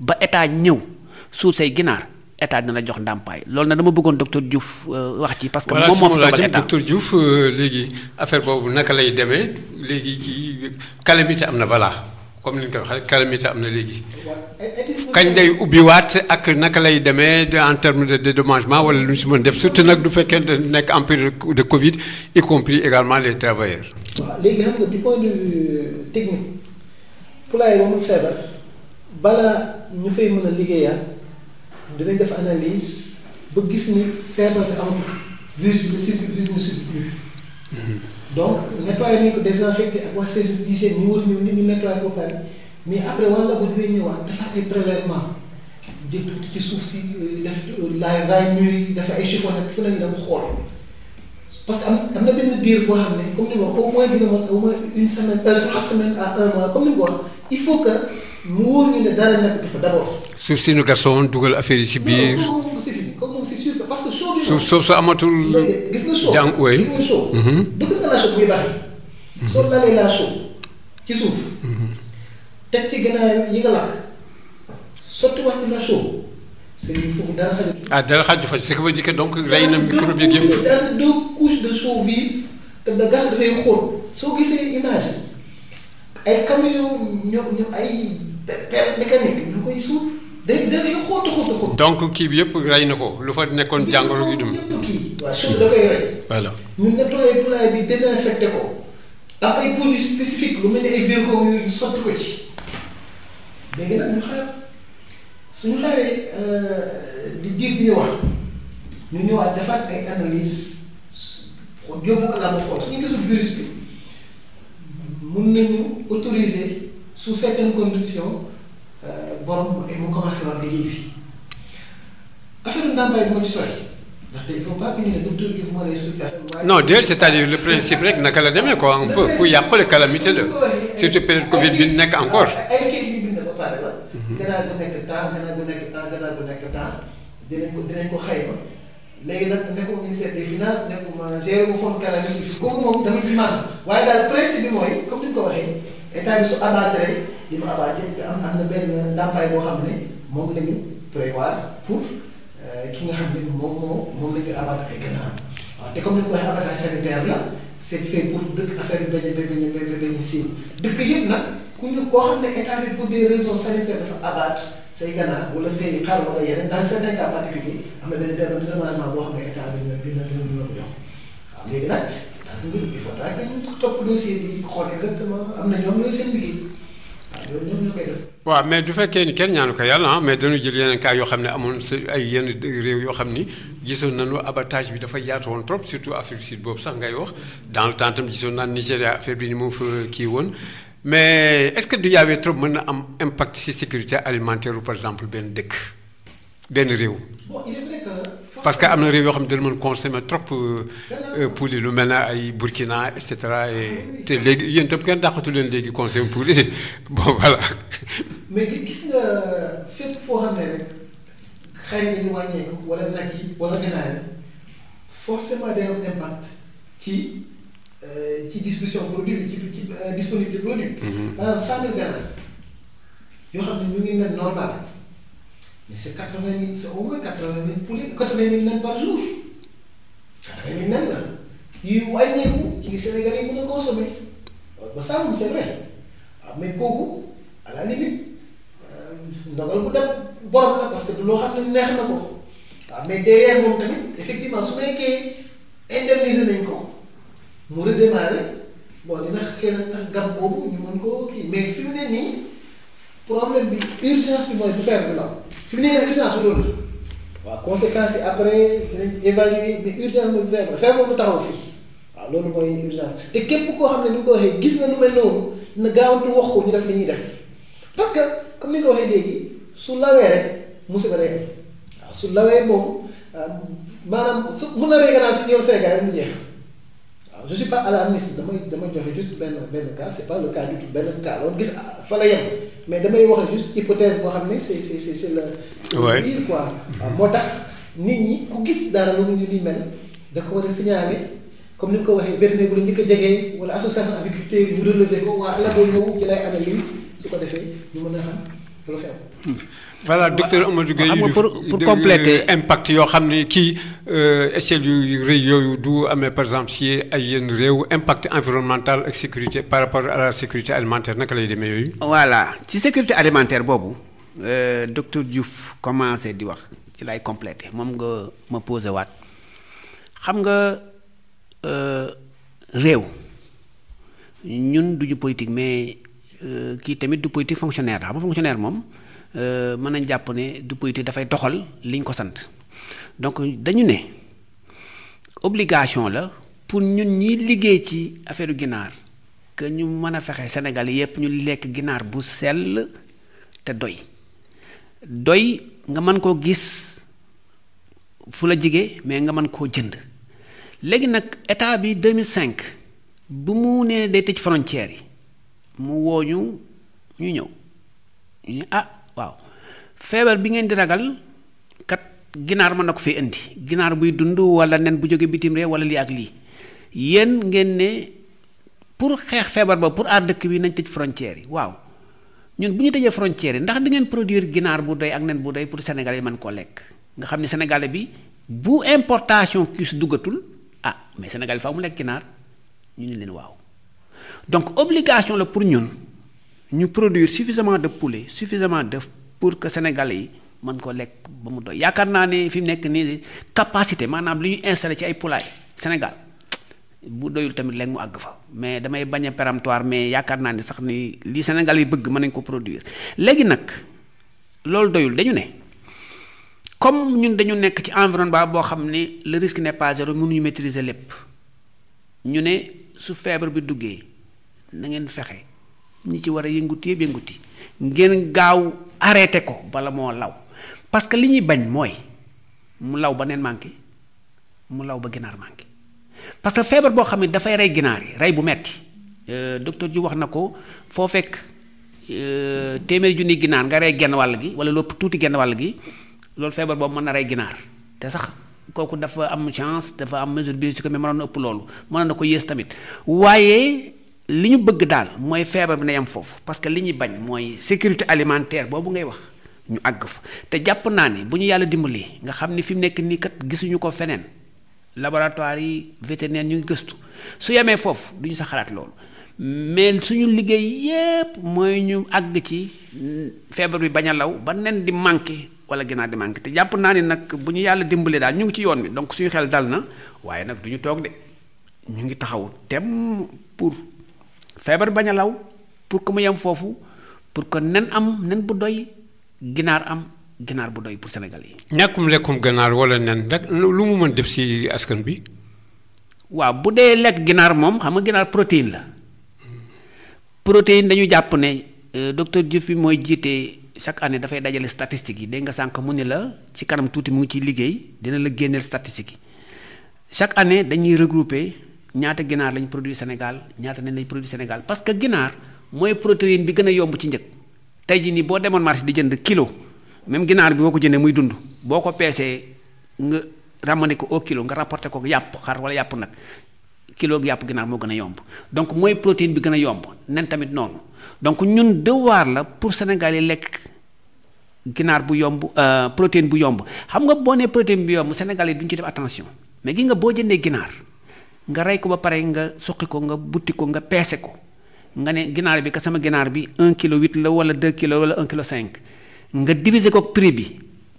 B: ba état ñëw suuf say ginaar état dina la jox ndàmpaay loolu na dama bëggoon docteur Diouf euh, wax ci parce que moom moo fi toogal état docteur
A: Diouf euh, léegi affaire boobu naka lay demee léegi ci calamité am na balaa. comme ni ñu koy waxee calamité am na léegi kañ day ubbiwaat ak naka lay demee en terme de dédommagement wala lu ñu si mën def surtout nag du fekkee ne nekk en période de Covid y compris également les travailleurs.
C: waaw léegi xam nga du euh, technique poulailler ba mu feebar balaa ñu fay mën a liggéeyaat dinañ def analyse ba gis ni feebar bi amatu fi virus bi la circuit virus bi circuit mhm. donc nettoyé nañ ko désinfecté ak waa service d'hygiène ñu wër ñu nit ñu nettoyé ko pare mais après wàllu ko dinañ ñëwaat dafa ay prélèvement jël tuuti ci suuf si euh, def euh, laay raay mur yi ay chiffon ak fu nañ dem xool parce que am am na benn diir boo xam ne comme ni ma ko au moins dina mot au moins une semaine un euh, trois un mois comme ni wax il faut que mu wóor ñu ne dara nekkatu fa d' abord.
A: suuf si ñu gasoon dugal affaire yi si biir.
C: kooku parce que show bi. suuf
A: suuf sa amatul. gis nga show jàng nga show. du mhm.
C: muy baax. soo lalee laa show ci suuf. Mhm. teg ci gànnaar yi nga lakk sotti wax ci laa show dara xajul.
A: ah dara xaju fa c'est que veut dire donc rey na microbe yeeg yëpp.
C: c'est deux couches de show vive te da gas dafay xóot soo gisee image ay camion ñoom ñoom ay pelle mécanique ñu koy suuf. day day yu xóotu xóotu
A: donc kii bi yëpp rey na ko lu fa nekkoon jàngoro gi dum yëpp kii waaw chute da koy rey. voilà
C: ñun nettoyé poulailler bi désinfecté ko ak ay produits spécifiques lu mel ne ay véhicules yooyu sotti ko ci léegi nag ñu xaar suñu xaaree euh, di diir bi ñu wax ñu ñëwaat defaat ay analyse yóbbu ko laa ma xool suñu gisul virus bi mun nañu autoriser su certaines conditions. Euh, borom mu commencé waat liggéey fii affaire ndàmpaay moo ci sori ndax il faut pas que ñu ne docteur moo lay suuf affaire.
A: non déedéet c'est-à-dire le principe rek naka la demee ko un peu ku yàppale calamité la surtout période Covid bi nekk encore.
C: ay kayit yu bind ba pare la. gannaaw gu nekk temps gannaaw gu nekk temps gannaaw gu nekk temps dinañ ko dinañ ko xayma léegi nag nekkul ministère des finances nekkuma gérer wu fond calamité kooku moom dama ci màgg waaye daal principe bi mooy comme ni ñu ko waxee état bi su abattre. di ma abaate te am am na benn ndàmpaay boo xam ne moom la ñu prévoir pour euh, ki nga xam ne moom moo moom la ñu abaat ay gànnaar waaw te comme ni ko waxee abattage sanitaire la c' est fait pour dëkk affaire bi bañ a bañ a bañ a siiw dëkk yëpp nag ku ñu koo xam ne état bi pour des e sanitaires dafa abaat say gànnaar wala say xar wala yeneen dans certains cas particuliers am na benn département boo xam ne état a dina dina dina ko jox waaw léegi nag daanaka il faudra que ñu topp dossier bi
A: xool exactement am na ñoom ñooy seen liggéey. loolu waaw mais du fekkee ni kenn ñaanu ko yàlla ah mais dañu jël yeneen cas yoo xam ne amoon sa ay yenn réew yoo xam ni gisoon nañu abattage bi dafa yaatu woon trop surtout Afrique sud boobu sax ngay wax dans le temps tam gisoon naan Nigéria affaire bi ni moom fa kii woon. mais est-ce que du yaawee trop mën na am impact ci sécurité alimentaire par exemple benn dëkk. benn réew. parce que am na réew yoo xam ne dana mën consommer trop euh, euh, poulet lu mel na ay Burkina et cetera et ah te léegi yéen kenn dàqatu leen léegi consommer poulet [LAUGHS] bon voilà.
C: mais gis nga fépp foo xam rek xëy na ñu wàññeeku wala nag yi wala ganaar yoo xam ne ñu ngi ne normal. mais c' est quatre vingt mille c' est au moins quatre vingt mille poulet quatre vingt mille nen par jour quatre vingt mille nen la yuy wàññeeku ci Sénégal yi mën a consommé ba ça moom c' est vrai waaw mais kooku la limite ndogal bu dem borom la parce que du loo xam ne neex na ko waaw mais derrière moom tamit effectivement su nekkee indemniser nañ ko mu redémarrer bon dina xëy na ndax gab boobu ñu mën koo kii mais fi mu ne nii problème bi urgence bi mooy bu feer bi la fi mu ne nag urgence bi loolu waaw conséquence yi après dinañ bu taxaw fii waaw loolu mooy urgence te képp koo xam ne ni nga ko waxee gis na lu mel noonu na gaawantu wax ko ñu def li ñuy def parce que comme ni nga waxee léegi su lawee rek musiba day am waaw su lawee moom euh, maanaam su mun na rek naan si ñoom Sénégal mu jeex. waaw je suis pas alarmiste damay damay joxe juste benn benn cas c'est pas le cas du tout benn cas loolu gis fa la yem mais damay wax juste hypothèse boo xam ne c'est c'est la. waay moo tax nit ñi ku gis dara lu ñu ni mel da ko war a signaler comme ni nga ko waxee vétérinaire bu la njëkk jege wala association agriculteur yi ñu relever ko waa ala booy ñëw ci lay analyse su ko defee ñu mën a xam lu xew.
A: voilà docteur Amadou Gueye yu pour pour compléter impact yoo xam ne kii euh, échelle yu rëy yooyu du amee par exemple si ay yenn réew impact environnemental ak sécurité par rapport a la sécurité alimentaire naka lay demee yooyu. voilà ci sécurité alimentaire boobu
B: euh, docteur Diouf commencé di wax ci lay complété moom nga ma posé waat xam nga euh, réew ñun du ju politique mais kii tamit du politique fonctionnaire xam nga fonctionnaire moom. Euh, mën nañ jàpp ne du politique dafay doxal liñ ko sant donc dañu ne obligation la pour ñun ñiy liggéey ci affaire ginaar que ñu mën a fexe Sénégal yépp ñu lekk ginaar bu sell te doy doy nga mën koo gis fu la jige mais nga mën koo jënd léegi nag état bi 2005 bu mu nee day tëj frontières yi mu wooñu ñu ñëw ñu ne ah waaw feebar bi ngeen di ragal kat ginaar mën na ko fee indi ginaar buy dund wala nen bu jóge bitim réew wala lii ak lii yéen ngeen ne pour xeex feebar ba pour aar dëkk bi nañ tëj frontière yi waaw ñun bu ñu tëjee frontière yi ndax di ngeen produire ginaar bu doy ak nen bu doy pour sénégalais yi mën koo lekk nga xam ni sénégalais bi bu importation kiis duggatul ah mais sénégalais faa mu lekk ginaar ñu ne leen waaw donc obligation la pour ñun. ñu produire suffisamment de poulet suffisamment def pour que sénégalais yi mën koo lekk ba mu doy yaakaar naa ne fi mu nekk nii capacité maanaam li ñu installé ci ay poulailler Sénégal bu doyul tamit léegi mu àgg fa mais damay bañ a péremptoire mais yaakaar naa ni sax ni li Sénégal yi bëgg mën nañ ko produire léegi nag loolu doyul dañu ne comme ñun dañu nekk ci environnement boo xam ni le risque n'est pas zéro mënuñu maîtriser lépp ñu ne su feebar bi duggee na ngeen fexe ñi ci war a yënguti yëpp yënguti ngeen gaaw arrêté ko bala moo law parce que li ñuy bañ mooy mu law ba neen manqué mu law ba ginaar manqué parce que feebar boo xam ne dafay rey ginaar yi rey bu metti euh, docteur ji wax na ko foo fekk euh, ju ni ginaar nga rey genn wàll gi wala lépp tuuti genn wàll gi loolu feebar boobu mën na rey ginaar te sax kooku dafa am chance dafa am mesure biologique mais mënoon na ëpp loolu mënoon na ko yées tamit waaye li ñu bëgg daal mooy feebar bi na yem foofu parce que li ñuy bañ mooy sécurité alimentaire boobu ngay wax ñu àgg fa te jàpp naa ni bu ñu yàlla dimbali nga xam ni fi mu nekk nii kat gisuñu ko feneen laboratoire yi vétérinaire ñu ngi gëstu su yemee foofu duñu sa xalaat loolu mais suñu liggéey yépp mooy ñu àgg ci feebar bi bañ a law ba nen di manqué wala gënaat di manqué te jàpp naa ni nag bu ñu yàlla dimbalee daal ñu ngi ci yoon bi donc suñu xel dal na waaye nag du ñu toog de ñu ngi taxaw tem pour feebar bañ a law pour que mu yem foofu pour que nen am nen bu doy ginaar am ginaar bu doy pour Sénégal yi.
A: ñàkkum lekkum ginaar wala nen rek lu mu mën def si askan bi. waaw bu dee lekk ginaar moom xam nga ginaar protéine la
B: protéine dañu jàpp ne euh, docteur Diouf bi mooy jiite chaque anne dafay dajale statistiques yi dégg nga sànq mu ni la ci kanam tuuti mu ngi ciy liggéey dina la génneel statistiques yi chaque année dañuy regrouper. ñaata ginaar lañ produit Sénégal ñaata nañ lañ produit Sénégal parce que ginaar mooy protéine bi gën a yomb ci njëg tey jii nii boo demoon marché di jënd kilo même ginaar bi ko jëndee muy dund boo ko peesee nga ramené ko au nga rapporté ko yàpp xar wala yàpp nag kilo yàpp ginaar moo gën a yomb donc mooy protéine bi gën a yomb nen tamit noonu donc ñun devoir la pour Sénégal yi lekk ginaar bu yomb euh, protéine bu yomb xam nga boo nee protéine bu yomb Sénégal yi duñ ci def attention mais gi nga boo jëndee ginaar. nga rey ko ba pare nga suqi ko nga butti ko nga peese ko nga ne ginaar bi ka sama ganaar bi un kilo huit la wala deux kilo wala un kilo cinq
A: nga diviser ko prix bi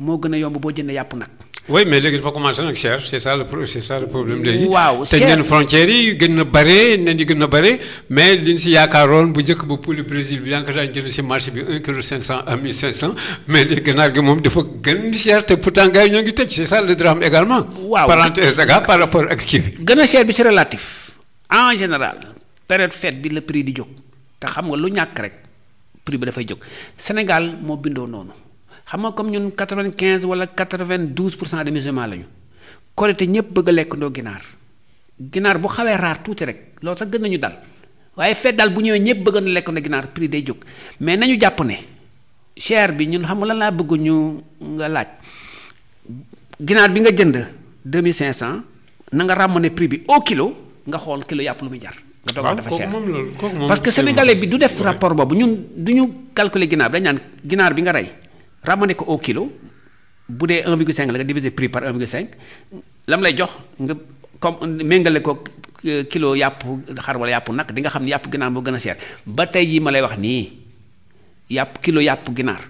A: moo gën a yomb boo jënd yàpp nag oui mais léegi dafa commencé nag cher c' est ça le c' est problème léegi. waaw cher tëj nañu yi gën na bare nen yi gën na bare mais liñ si yaakaaroon bu njëkk ba poulet Brésil bi yaa ngi ko daan jënd si marché bi 1 kilo 500 à 1500 mais léegi ganaar gi moom dafa gën cher te pourtant gars yi ñoo ngi tëj c' est ça le drame également. waaw parenthèse par rapport ak kii bi. gën a cher bi c' relatif
B: en général période fête bi la prix di jóg te xam nga lu ñàkk rek prix bi dafay jóg Sénégal moo bindoo noonu. xam nga comme ñun quatre vingt quinze wala quatre vingt douze pour cent de musulmans lañu korite ñëpp bëgg a lekk ndoo ginaar ginaar bu xawee raar tuuti rek loolu sax gën nañu dal waaye fête bu ñëwee ñëpp bëgg na lekk ginaar prix day jóg mais nañu jàpp ne cher bi ñun xam nga lan laa bëgg ñu nga laaj ginaar bi nga jënd deux mille cinq cent na nga ramener prix bi au kilo nga xool kilo yàpp lu muy jar. nga doog dafa cher
A: parce que sénégalais bi du
B: def rapport boobu ñun du ñu calculer ginaar bi ginaar bi nga rey. ramener ko au kilo bu dee 1,5 la nga diviser prix par 1,5 lam lay jox nga comme méngale ko kilo yàpp xar wala yàpp nag di nga xam ne yàpp ginaar moo gën a cher ba tey yi ma lay wax nii yàpp kilo yàpp ginaar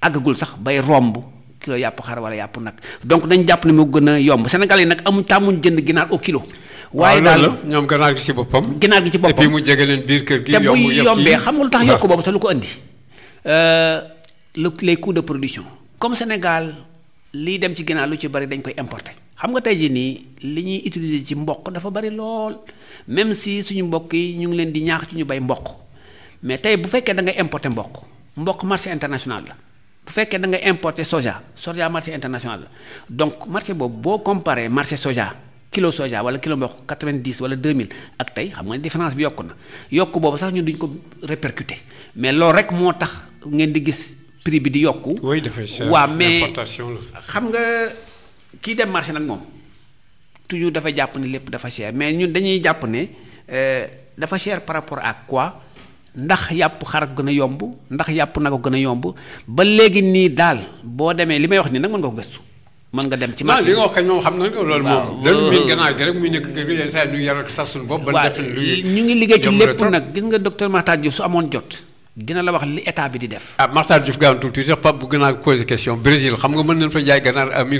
B: àggagul sax bay romb kilo yàpp xar wala yàpp nag donc nañ jàpp ne moo gën a yomb Sénégal yi nag amuñ tàmmuñ jënd ginaar au kilo. waaye daal
A: ñoom ginaar gi ci boppam. ginaar gi ci boppam et puis mu jege leen biir
B: kër gi. yomb yëpp yombee xam tax yokk boobu te lu ko andi. Euh, le lee coûts de production comme Sénégal liy dem ci ginaar lu ci bari dañ koy importer xam nga tey jii nii li ñuy utiliser ci mboq dafa bari lool même si suñu mbokk yi ñu ngi leen di ñaax ci ñu bay mboq mais tey bu fekkee da nga importer mboq mboq marché international la bu fekkee da nga importer soja soja marché international la donc marché boobu boo comparé marché soja kilo soja wala kilo mboq 90 wala mille ak tey xam nga différence bi yokku boobu sax ñun duñ ko répercuter mais loolu rek moo tax ngeen di gis. prix bi di yokku. waa dafay cher waaw mais xam nga kii dem marché nag moom toujours dafa jàpp ni lépp dafa cher mais ñun dañuy jàpp ne euh, dafa cher par rapport ak quoi ndax yàpp xar a gën a yomb ndax yàpp nag a gën a yomb ba léegi nii daal boo demee li may wax nii nag mën nga ko gëstu. mën nga dem ci marché bi li nga wax
A: kañ moom xam nañ ko loolu moom. dañu miin ganaar gi rek muy nekk kër gi yenn saa yi ñu yaral sax suñu bopp. ba def lu ñu ngi liggéey ci lépp nag
B: gis nga docteur Makhtar Diouf su amoon jot dina la wax li état bi di def.
A: ah Makhtar Diouf Gane tuuti sax Pape bëgg naa poser question Brésil xam nga mën nañu fa jaay ganaar à euh, bul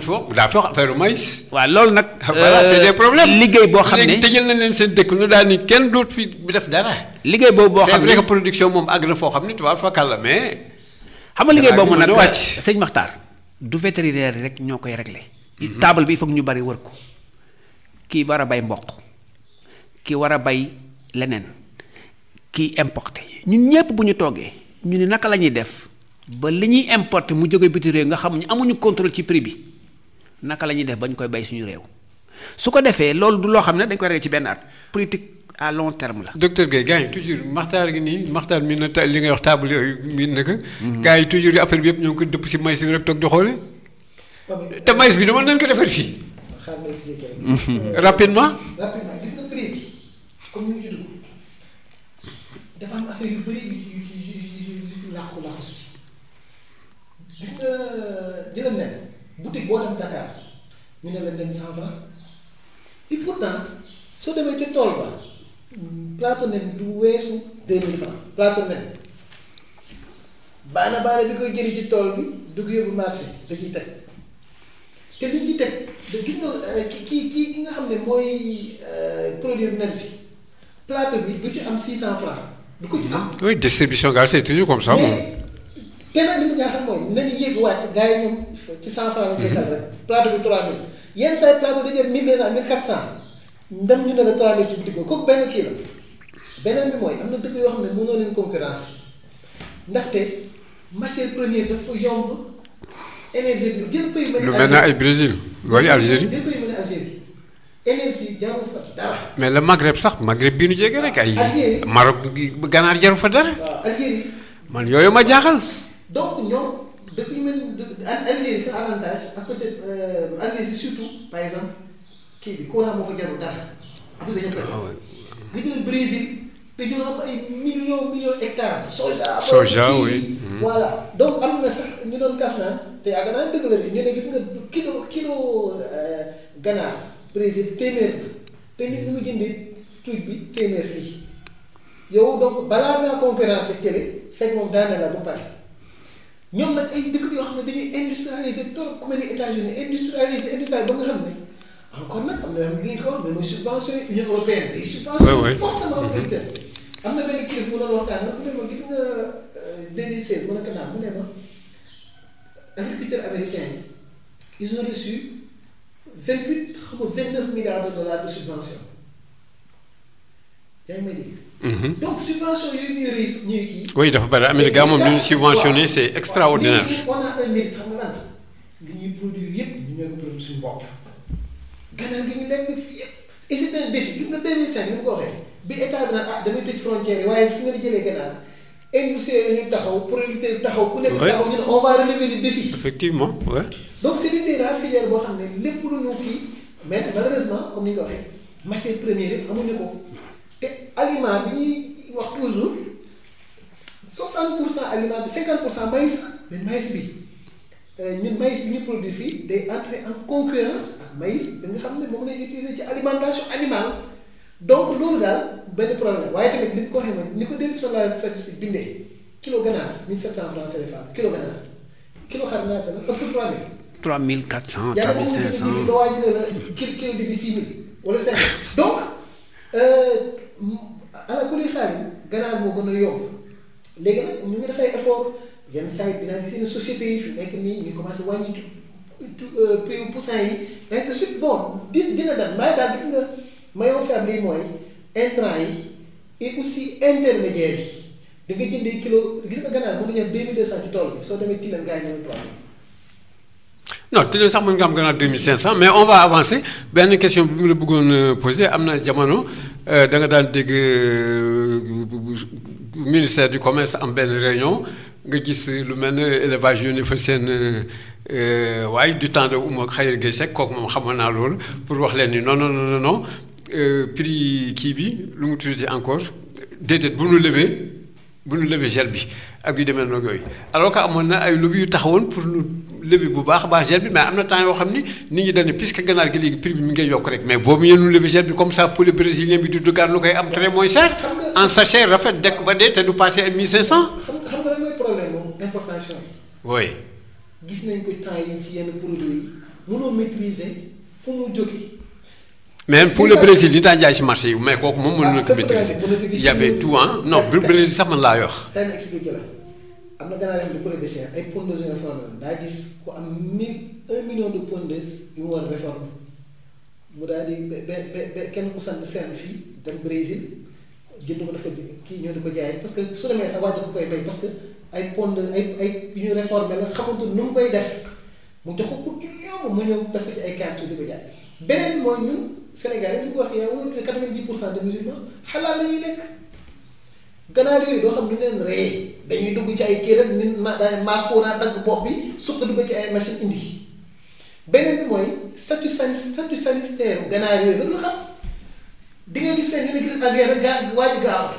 A: foofu daa foofu affaire maïs. waaw loolu nag. Ah, voilà c'est euh, liggéey boo xam ne léegi tëjal nañ leen seen dëkk ñu daal ni kenn dootu fi def dara. liggéey boobu boo xam ne c'est moom àgg foo xam ne tubaab fa kàlla mais. xam nga liggéey boobu nag
B: sëñ Makhtar du vétérinaire rek ñoo koy réglé. table bi il faut ñu bari wër ko kii war a bay mboq kii war a bay leneen kiy importé ñun ñépp bu ñu toogee ñu ni naka la ñuy def ba li ñuy importé mu jóge biti réew nga xam ñu amuñu contrôle ci prix bi naka la ñuy def ba ñu koy bay suñu réew su ko defee loolu du loo xam ne dañ koy régler
A: ci benn at politique à long terme la. docteur Guèye gars yi toujours maxtaar gi nii maxtaar miin ta li ngay wax table yooyu miin na ko. Mhm. yi toujours yu affaire bi yëpp ñoo ngi ko dëpp si maïs bi rek toog di te maïs bi dama nañ ko defar fii. rapidement.
C: comme ni mu ci dafa am affaire yu bëri yu ci yu ci yu ci làqu làqu si gis nga jëlal leen boutique boo dem Dakar ñu ne la dem cent franc et pourtant soo demee ci tool ba plateau nen du weesu deux mille franc plateau nen baana baana bi koy jëri ci tool bi dugg yóbbu marché da ciy teg te li ñuy teg da gis nga ki ki ki nga xam ne mooy euh, produire nen bi plateau bi du ci am 600 francs du ko ci am.
A: oui distribution gaz c'est toujours comme ça moom.
C: te nag li mu jaaxal mooy nañu yéeg wàcc gars yi ñoom ci 100 francs la ñu koy mhm. rek plateau bi 3000 yenn saa yi plateau dañuy dem 1200 1400 ne la 3000 ci bitig ba kooku benn kii la beneen bi mooy am na dëkk yoo xam ne mënoo leen concurrence ndaxte matière première dafa yomb énergie bi gën koy mën. lu mel ne ay Brésil wala Algérie gën koy mën Algérie. énergie jarul fa
A: mais le Maghreb sax Maghreb bii nu jege rek ay. Algérie Maroc ganaar jarul fa dara. waaw man yooyu ma jaaxal.
C: donc ñoom dëkk yu mel ni Algérie euh, par exemple kii bi courant am na sax ñu doon kaf naan te yaakaar naa dëgg la bi ñu ne gis nga kilo kilo euh, ganaar. prix bi téeméer la te nit ñi jëndee tuuti bi téeméer fii yow donc balaa ngaa concurrencer kële fekk moom daane la ba pare ñoom nag ay dëkk yoo xam ne dañuy industrialiser trop ku mel ni États-Unis industrialiser industrialiser ba nga xam ne encore nag am na yoo xam ne mooy subventionné Union européenne day subventionné fortement mhm. producteur am na benn kilifa bu doon waxtaan nag mu ne ma gis nga 2016 euh, mu mu ne ma agriculteurs américains yi ils ont vingt huit xam nga vingt neuf milliards de mhm. dafa bëri Amérique moom ñu subventionné c' est extraordinaire. gis nga 2005 ni mu ko waxee bi état bi nag ah, damay tëj frontière yi waaye fi nga jëlee gannaaw industrie ñu taxaw producteur taxaw. ku nekk taxaw ñu ne on va relever le défi.
A: effectivement oui.
C: donc c' est l'une des boo xam ne lépp lu ñu kii mais malheureusement comme ni nga ko waxee matière première yi amuñu ko te aliment bi ñuy wax toujours 60 pour cent aliment bi 50 pour cent maïs mais bi euh, ñun maïs bi ñu produit fii day entrer en concurrence ak maïs bi xam ne moom lañuy utiliser ci alimentation animale donc loolu daal benn problème waaye tamit ni ko waxee man ni ko déglu sur la statistique bindee kilo ganaar 1700 francs CFA kilo ganaar kilo xar
B: trois mille quatre cent trois mille
C: cinq cent wala cinq donc euh, ala ku li xaari ganaar moo gën a yomb léegi nag ñu ngi def ay effort yenn saa yi dinaa gis ne société yi fi nekk nii ñu commencé wàññi tu euh, prix yu poussin yi ainsi de suite di dina dal maay daal gis nga maillon yi mooy intrant yi et aussi yi da nga jëndee kilo gis nga ganaar mën nañu am deux mille deux cent bi soo demee Tilène gars yi ñëw trois
A: non te sax mën nga am gannaaw deux mille cinq cent mais on va avancer benn question bi mu la bëggoon euh, poser am na jamono euh, danga daan dégg euh, ministère du commerce am benn réunion nga gis lu mel ne élevage yónnee fa seen waaye du temps de Oumar Khayr Gueye Seck kooku moom xamoon naa loolu pour wax leen ni non non non non prix kii bi lu mu tuddati encore déedéet bu nu levee. bu ñu lebi gel bi ak yu demee noonu yooyu alors que amoon na ay lobby yu taxawoon pour ñu lebi bu baax a baax gel bi mais am na temps yoo xam ni nit ñi dañu puisque ganaar gi léegi prix bi mi ngi yokk rek mais boobu yéen ñu lebi gel bi comme ça poulet brésilien bi du dugaan lu koy am très moins cher en sachet rafet dekk ba dee te du passé ay 1500. xam
C: nga xam nga lan problème moom importation bi. oui. gis nañ ko temps yi ci yenn produits yi
A: mais pour le Brésil li daan jaay si marché yi mais kooku moom mënoon na ko maîtriser y avait tout ah non bu Brésil sax man laa yor.
C: daan expliqué la am na ganaar yoo xam ne bu ko defee ay pondeuses yu gis ku am mu daal di kenn ku sant seen fii dem Brésil ko dafa kii ñoo di ko jaay parce que su demee sax wàññi ko koy may parce que ay pondeuses ay ay yu ñu réformer la xamatul nu mu koy def mu jox ko pour ñu ñëw mu ñëw def ko ci ay cartes yu di ko jaay beneen mooy ñun. Sénégal yi ñu ko waxee yaa wóor ne quatre vingt dix pour cent de musulmans xalaal la lekk ganaar yooyu doo xam du leen rey dañuy dugg ci ay kii rek ma daañu masse courant dagg bopp bi sukkandiku ko ci ay machine indi beneen bi mooy statut san statut sanitaire ganaar yooyu la xam di nga gis fenn ñu ne gis nga aviaire gaa waaj gaawtu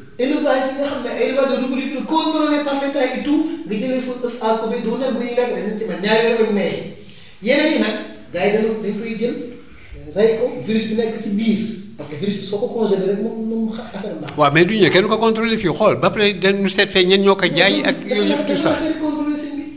C: élevage yi nga xam ne ay élevage de reproducteurs contrôlés par l'État et tout nga jëlee fa ëf à côté doo nag bu ñuy lekk dañu ci man ñaari weer lañ maye yeneen yi nag gars yi dañu dañ koy jël rey ko virus bi nekk ci biir parce que virus bi soo ko congelé rek moom moom xa affaire baax.
A: waaw mais du ñu kenn ko contrôlé fii xool ba pare dañu seet fee ñenn ñoo ko jaay ak yooyu yëpp tout ça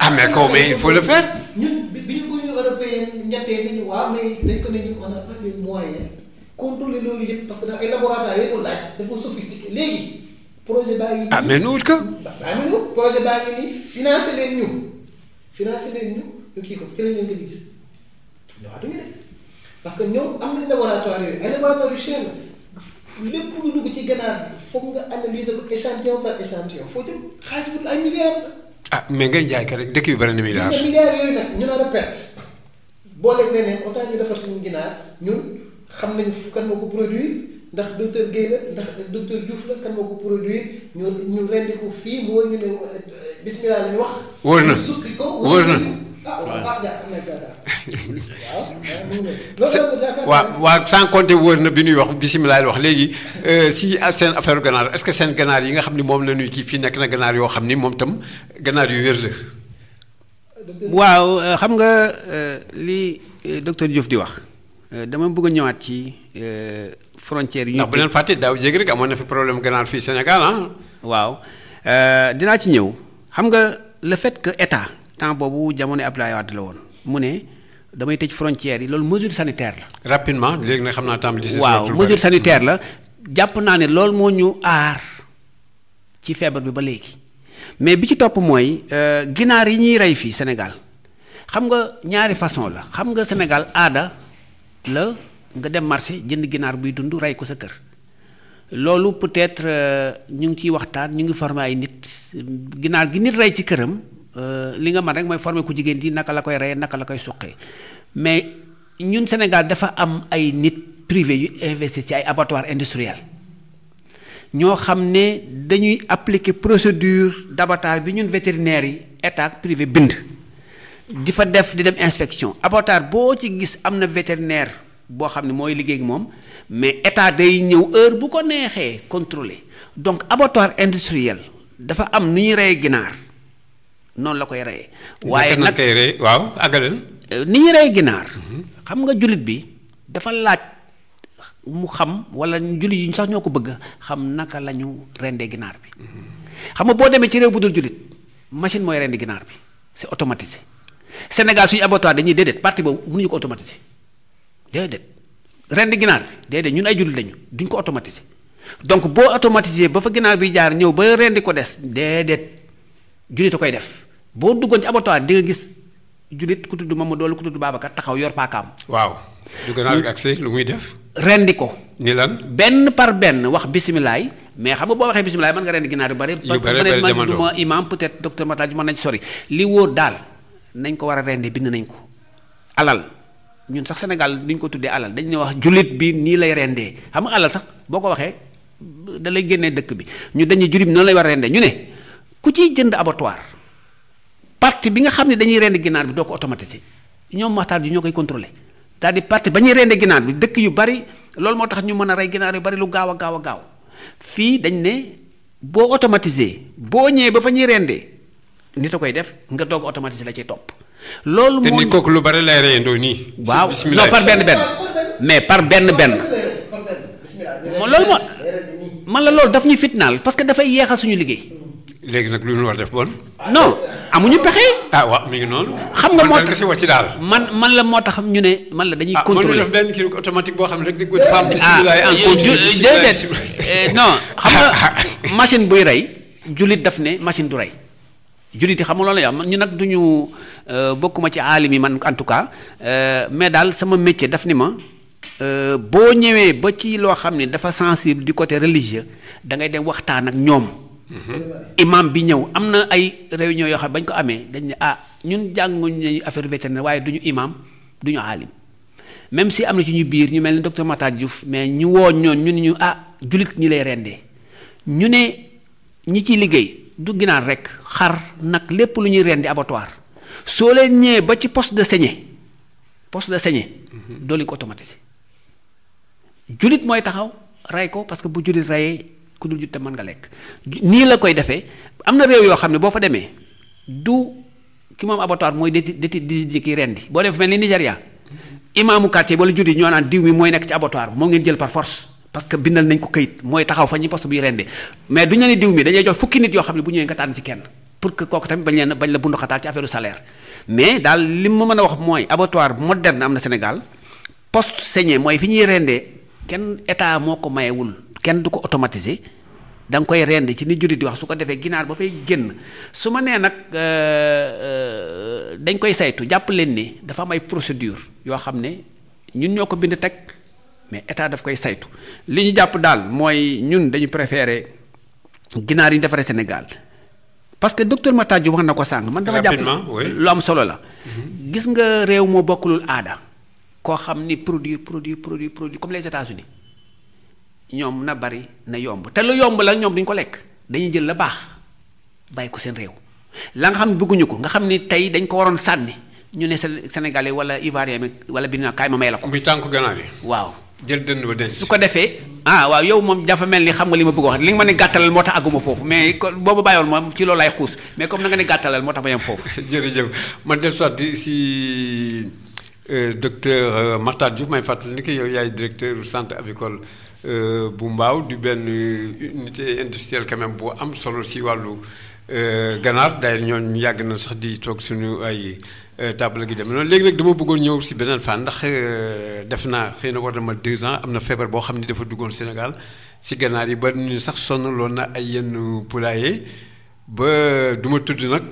A: ah mais kaw mais il faut le faire. ñun
C: bi ñu ko ñu européen ñettee nañu waaw mais dañ ko ne ñu on a pas les moyens contrôler loolu yëpp parce que dafa ay laboratoire yooyu ko laaj dafa sophistiqué léegi. projet baa ngi. ah mais nu ko. baa ngi wut projet baa ngi nii financé leen ñu financé leen ñu ñu kii ko ci lañ leen di gis ñëwaatuñu de parce que ñoom am nañ laboratoire yooyu ay laboratoire yu cher la lépp lu dugg ci ganaar foog nga analyser ko échantillon par échantillon foo jëm xaalis bu ay milliards la.
A: ah mais ngay jaay ka rek dëkk bi bari na milliards.
C: milliards yooyu nag ñu nar a perte boo leen leneen autant ñu defar suñu ginaar ñu xam nañu fu kan moo ko produire. ndax docteur Guèye la ndax docteur Diouf la kan moo ko produire ñu ñu ko fii moo ñu ne euh, bismillah la wax. wóor na sukki ko wóor na. Ah,
A: waaw waaw [LAUGHS] compter wóor na bi ñuy wax bisimilah wax léegi euh, si seen affaire ganaar est-ce que seen ganaar yi nga xam ni moom la ñuy kii fii nekk na ganaar yoo xam ni moom tam ganaar yu wér la. waaw euh,
B: xam nga li docteur Diouf di wax dama bëgg a ñëwaat ci frontières yi. ndax bu leen
A: fàtte daaw jéeg rek amoon na fi problème ganaar fii Sénégal ah. waaw
B: euh, dinaa ci ñëw xam nga le fait que état temps boobu jamono Abdoulaye Wade la woon mu ne damay tëj frontières yi loolu mesure sanitaire
A: la. rapidement léegi nag xam naa temps bi. waaw mesure
B: sanitaire la. jàpp naa ne loolu moo ñu aar ci feebar bi ba léegi mais bi ci topp mooy euh, ginaar yi ñuy rey fii Sénégal xam nga ñaari façon la xam nga Sénégal aada la. nga dem marché jënd ginaar buy dund rey ko sa kër loolu peut-être euh, ñu ngi ciy waxtaan ñu ngi forme ay nit ginaar gi nit rey ci këram euh, li nga man rek mooy former ku jigéen di naka la koy reyee naka la koy suqee mais ñun Sénégal dafa am ay nit privé yu investir ci ay abattoir industriel ñoo xam ne dañuy appliquer procédure d'abattage bi ñun vétérinaires yi état privé bind di fa def di dem inspection abattoir boo ci gis am na vétérinaire boo xam ne mooy liggéey moom mais état day ñëw heure bu ko neexee contrôler donc abattoir industriel dafa am nu ñu reyee ginaar noonu la koy reyee. waaye nag koy
A: waaw àggaleel
B: euh, ni ñuy rey ginaar. Mhm. xam nga julit bi dafa laaj mu xam wala jullit yi sax ñoo ko bëgg xam naka la ñu rendee ginaar bi. Mhm. xam nga boo demee ci réew bu dul jullit machine mooy rendi ginaar bi c'est automatisé Sénégal suñu abattoir dañuy déedéet partie boobu mënuñu ko automatiser. déedéet ren di ginaar bi déedéet ñun ay jullit lañu duñ ko automatiser donc boo automatiser ba fa ginaar bi jaar ñëw ba ren di ko des déedéet jullit a koy def boo duggoon ci abattoir di nga gis jullit ku tudd Mamadou doolu ku tudd Babacar taxaw yor paakaam. waaw
A: du ginaar bi agsi lu muy def.
B: rendi ko. ni lan benn par benn wax bisimilaay mais xam nga boo waxee bisimilaay mën nga rendi ginaar yu bëri. yu bëri man du ma imam peut être docteur Matal ji mën nañ sori. li wóor daal nañ ko war a rendi bind nañ ko alal. ñun sax Sénégal duñ ko tuddee alal dañ ne wax jullit bi nii lay rendee xam nga alal sax boo ko waxee dalay lay génnee dëkk bi ñu dañuy jullit bi noonu lay war a ñu ne ku ciy jënd abattoir partie bi nga xam ne dañuy rend ginaar bi doo ko automatiser ñoom waxtaan bi ñoo koy contrôler c'est-à-dire ba ñuy rende ginaar bi dëkk yu bari loolu moo tax ñu mën a rey ginaar yu bari lu gaaw a gaaw a gaaw fii dañ ne boo automatiser boo ñëwee ba fa ñuy rendee nit a koy def nga doog automatiser la cay topp.
A: loolu moo te ni kooku lu bari lay reyandoo nii. waaw non par benn benn. mais par benn benn.
B: moom loolu moo man la loolu daf ñuy fitnaal parce que dafay yeexal suñu liggéey.
A: léegi nag lu ñu war def bon. non amuñu pexe. ah waaw noonu. xam nga moo tax man daal
B: man man la moo tax ñu ne man la dañuy. Ah, contrôler ah
A: benn kii boo xam ne rek di ko defar. Ah, bisimilah en eh, continu eh,
B: déedéet eh, xam [LAUGHS] machine buy rey. jullit daf ne machine du rey. jullit yi xam nga loolu la ñu nag duñu euh, bokkuma ci aalim yi man en tout cas euh, mais daal sama métier daf ni ma euh, boo ñëwee ba ci loo xam ne dafa sensible du côté religieux da ngay dem waxtaan ak ñoom. Mm-hmm. imam bi ñëw am na ay réunion yoo xam ne bañ ko amee dañ ne ah ñun jàng jànguñu nañu affaire vétérinaire waaye du ñu imam duñu ñu aalim même si am na ci ñu biir ñu mel ni docteur Matar Diouf mais ñu woo ñoon ñu ne ñu ah jullit ñi lay rendee ñu ne ñi ciy liggéey. du ginaar rek xar nag lépp lu ñuy rendi abattoir soo leen ñëwee ba ci poste de saignée poste de saignée mhm. dooli ko automatisé jullit mooy taxaw rey ko parce que bu jullit reyee ku dul te mën nga lekk nii la koy defee am na réew yoo xam ne boo fa demee du ki moom abattoir mooy déti déti di ki rendi boo def mel ni Nigéria mhm. imaamu quartier wala jullit ñoo naan diw mi mooy nekk ci abattoir bi moo ngeen jël par force parce que bindal nañ ko kayit mooy taxaw fa ñuy poste buy rendi mais duñu ne diw mi dañuy jox fukki nit yoo xam ne bu ñëwee nga tànn ci kenn pour que kooku tamit bañ leen bañ la bundu xataal ci affaire salaire mais daal li ma mën a wax mooy abattoir moderne am na Sénégal poste saigné mooy fi ñuy rendee kenn état moo ko mayewul kenn du ko automatisé danga koy rend ci ni jurit di wax su ko defee ginaar ba fay génn su ma nee nag euh, euh, dañ koy saytu jàpp leen ni dafa procédure yoo xam ne ñun ñoo ko bind teg mais état daf koy saytu li ñu jàpp daal mooy ñun dañu préféré ginaar yi ñu defaree Sénégal parce que docteur Matar Diop wax na ko sànq. man dama jàpp
A: lu
B: am solo la. Mhm. gis nga réew moo bokkulul aada. koo xam ni produire produire produire produire comme les États-Unis ñoom na bari na yomb te lu yomb la ñoom duñ ko lekk dañuy jël la baax bàyyi ko seen réew la nga xam ne bëgguñu ko nga xam ni tey dañ ko waroon sànni ñu ne Sénégalais wala Ivoirien wala Birina kaay ma la ko. muy waaw. jël dënd ba denc su ko defee ah waaw yow moom dafa mel ni xam nga li ma bëgg wax li nga ma ne gàttalal moo tax àgguma foofu mais boobu bàyyoon moom ci loolu lay xuus mais comme na nga ne gàttalal moo tax ma yem foofu. [LAUGHS] jërëjëf
A: man de soit si euh, docteur euh, Makhtar Diouf may fàttali ni que yow yaay directeur centre avicole euh, bu Mbaaw du benn unité industrielle quand même bu am solo si wàllu ganaar d'ailleurs ñooñu yàgg na sax di toog suñu ay. Euh, table gi dem noonu léegi nag dama bëggoon ñëw si beneen fan ndax euh, def naa xëy na war na deux ans am na feebar boo xam ne dafa duggoon Sénégal si ganaar yi ba sax sonn loon na ay yenn poulailler ba du ma tudd nag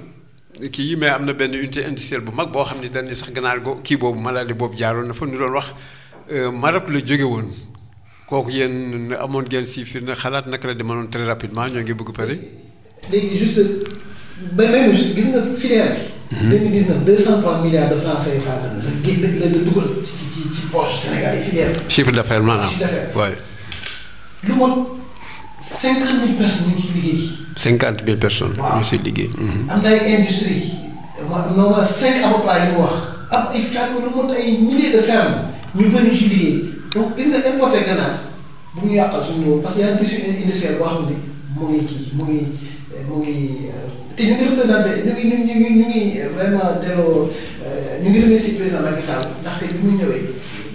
A: kii yi may am na benn unité industrielle bu mag boo xam ne dañuy sax ganaar go kii boobu maladie boobu jaaroon na fa ñu doon wax euh, Maroc la jóge woon kooku yéen amoon ngeen si firnde xalaat naka la demanoon très rapidement ñoo ngi bëgg pare.
C: 2019 203 milliards de francs CFA la génn la dugal ci ci ci poche Sénégal yi filière.
A: chiffre chiffre d'affaires waay.
C: lu mot 50 mhm. ay industries ma ferme lu mot ñu ci liggéey donc gis nga importé ganaar bu ñu yàqal suñu loolu parce que y a une tissu industriel mu ngi mu ngi mu euh, ngi. te ñu ngi représenté ñu ngi ñu ngi ñu ngi vraiment delloo euh, ñu ngi remercier président Macky Sall ndaxte bi mu ñëwee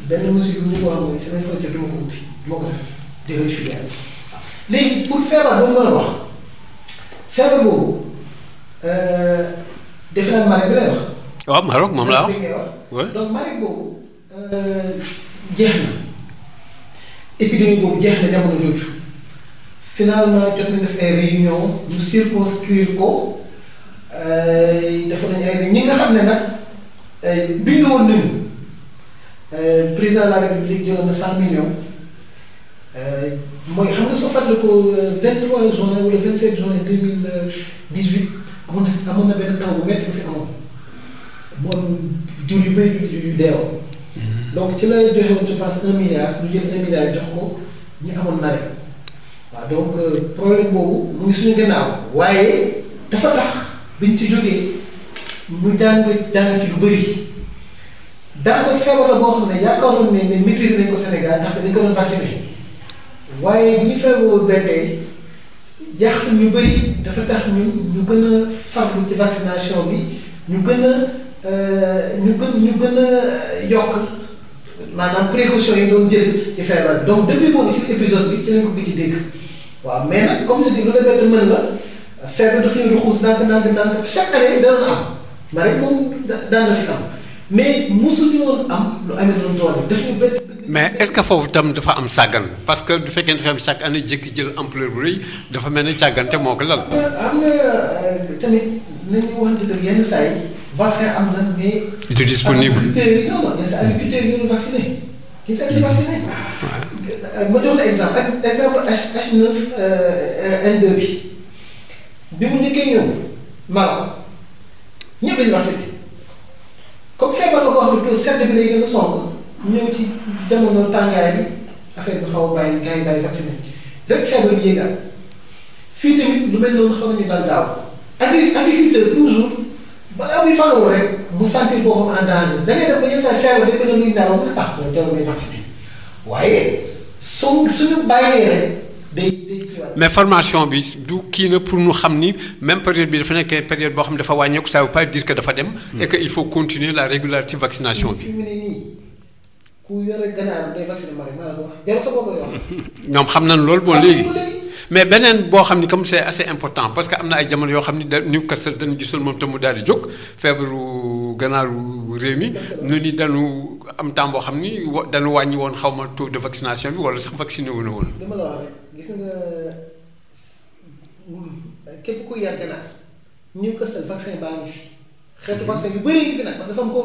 C: benn mesure bu ñu ko wax mooy samay frontière du ma ko ubbi du ma ko def déglu filière bi. léegi pour feebar boobu nga la wax feebar boobu euh, defe naa Maroc bi
A: lay wax. waaw Maroc moom laa wax donc Maroc euh, boobu
C: jeex na épidémie jeex na jamono finalement jot nañ def ay réunion ñu circonscrire ko euh, dafa nañ ay ñi nga xam ne nag euh, bind woon nañu euh, président de la république jëloon na cent millions mooy xam nga soo fàttalikoo vingt trois juin wala vingt sept juin deux mille dix amoon na fi amoon na benn taw bu métti bu fi amoon mu am jur yu bëri yu deewoo mm-hmm. donc ci la joxe woon je pense ñu jël un jox ko ñu amoon nawet waaw donc euh, problème boobu mu ngi suñu gannaaw waaye dafa tax biñ ci jógee mu jàng jàng ci lu bëri daanaka feebar la boo xam ne yaakaaroon ne ne maîtrise nañ ko Sénégal ndax dañ ko doon waaye bu ñu feebaroo benn ñu bëri dafa tax ñu ñu gën a farlu ci vaccination bi ñu gën a euh, ñu gën ñu gën a yokk maanaam précaution yi doon jël ci feebar donc depuis boobu ci épisode bi ci lañ ko gëj a dégg. waaw mais nag comme je dis lu demee te mën la feebar daf leen di xuus ndànk ndànk ndànk chaque année am na fi am mais mosuñu woon am lu amee doon doole daf ñu bett.
A: mais est-ce que foofu tam dafa am sàggan parce que du fekkee dafa am chaque année jékki jël ampleur bu rëy dafa mel ni sàggante moo ko lal.
C: Euh, am na euh, tamit nañu waxante dëgg am na
A: mais. du disponible agriculteurs yi non non yenn saa agriculteurs yi ñu ngi vacciné.
C: Euh, ma jox la exemple exemple H H9 N2 euh, bi bi mu njëkkee ñëw Maroc ñëpp dañu wax bi comme feebar la ko wax ne sedd bi lay gën a sonk ñëw ci jamono tàngaay bi affaire bi xaw a bàyyi gars yi bàyyi vacciné lépp feebar bi yéeg fii tamit lu mel noonu xaw nañu dal daaw agri agriculteur toujours balaa muy fagaru rek mu sentir boppam en danger da ngay def ba yenn saa feebar rek ba ne luy ndaw nga tax nga jarul may vacciné waaye. suñ suñu bàyyee
A: rek mais formation bi du kii na pour ñu xam ni même période bi dafa nekk période boo xam ne dafa wàññeeku saa veut pas dire que dafa dem. et que il faut continuer la régularité vaccination
C: bi. ku yore ganaar day vacciné mari maa la
A: xam nañ loolu. bon léegi mais beneen boo xam ni comme c'est assez important parce que am na ay jamono yoo xam ni da Newcastle dañu gisul moom te mu daal di jóg feebaru ganaaru réew mi nu ni dañu am temps boo xam ni danu wàññi woon xaw ma taux de vaccination bi wala sax vacciné wu na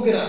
C: woon.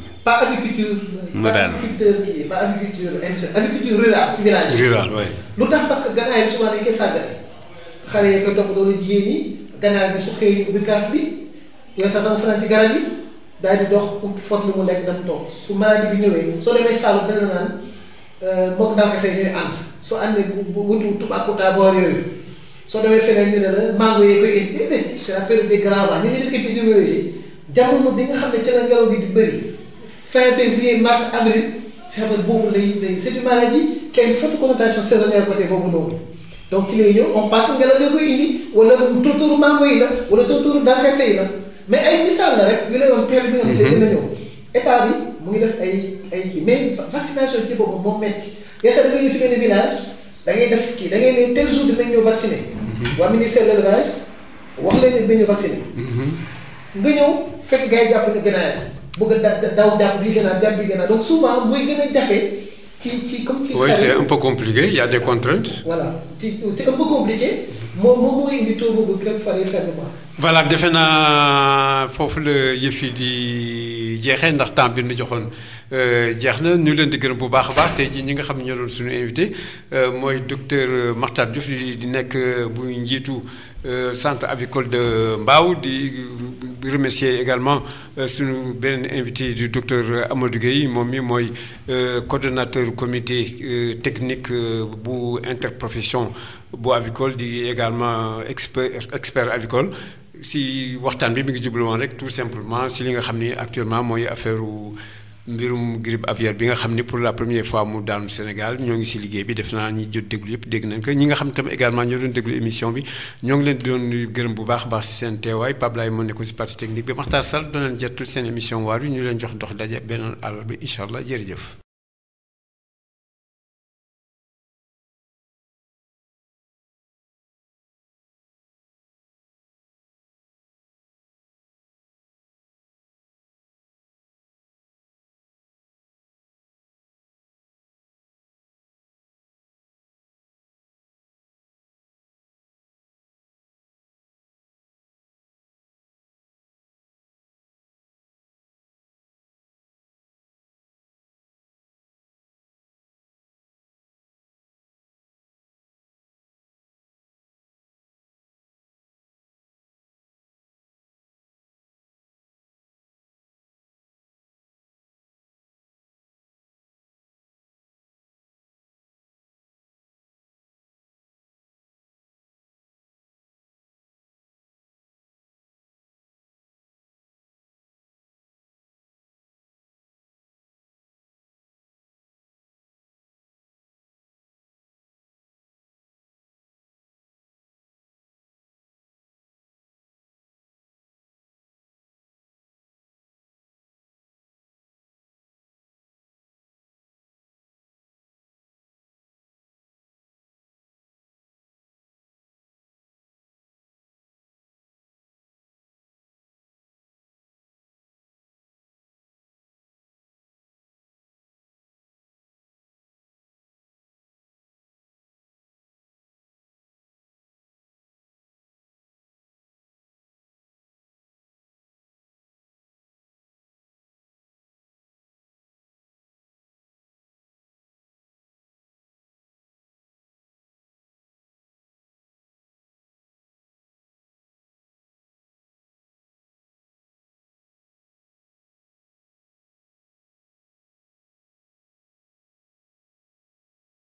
C: pas agriculture. pas agriculture industrielle agriculture rurale ci village yi. lu tax parce que ganaar yi souvent dañ koy sàggate xale yi koy toppatoo la jigéen ñi ganaar di dox ut lu mu lekk dem toog su maladie bi ñëwee soo demee Saalum dana naan euh, moom ndànk see ñooy ànd soo àndee bu wutu Toubacouta boor yooyu soo demee feneen ñu ne la mango yee koy indi déedéet c'est la période des grands vents ñu ne la épidémiologie jamono bi nga xam ne ci la gi di bëri. fin février mars avril feebar boobu lay lay c'est une maladie qui a une forte connotation saisonnière côté boobu noonu donc ci lay ñëw on pense ngelaw la koy indi wala tóortóoru mango yi la wala tóortóoru darkase yi la mais ay misaal la rek yu lay doon perte bi nga xam ñëw état bi mu ngi def ay ay kii mais vaccination ci boobu moom métti yasa da ngay ñëw ci benn village da ngay def kii da ngay ne tel jour dinañ ñëw vacciné mhm. waa ministère de wax leen ne dinañu vacciné mhm. nga ñëw fekk gars yi bëgg a da daw jàpp bi gën a jàpp bi gën a donc souvent muy gën a jafe ci ci comme ci. oui c'est un
A: compliqué il y a des contraintes.
C: voilà ci c'est un peu compliqué. moom moom indi taux boobu kenn faree fenn quoi.
A: voilà defe naa foofu la yëf yi di jeexee ndax temps bi nu joxoon euh, jeex na ñu leen di gërëm bu baax a baax te jii ñi nga xam ne suñu invité euh, mooy docteur Makhtar Diouf di nekk euh, bu njiitu. Euh, centre avicole de Mbao di euh, remercier également euh, suñu beneen invité du docteur Amadou Gueye moom mi mooy coordonnateur comité technique bu interprofession bu avicole di également expert expert avicole si waxtaan bi mi ngi jublu woon rek tout simplement si li nga xam ni actuellement mooy affaire mbirum grippe aviaire bi nga xam ni pour la première fois mu daanu Sénégal ñoo ngi si liggéey bi def naa ñi jot déglu yëpp dégg nañ ko ñi nga xam tam également ñoo doon déglu émission bi ñoo ngi leen doon gërëm bu baax baax si seen teewaay Pape Laye moo nekkoon si partie technique bi Makhtar Sall doon leen jettul seen émission waar yi ñu leen jox dox daje beneen àll bi incha allah jëf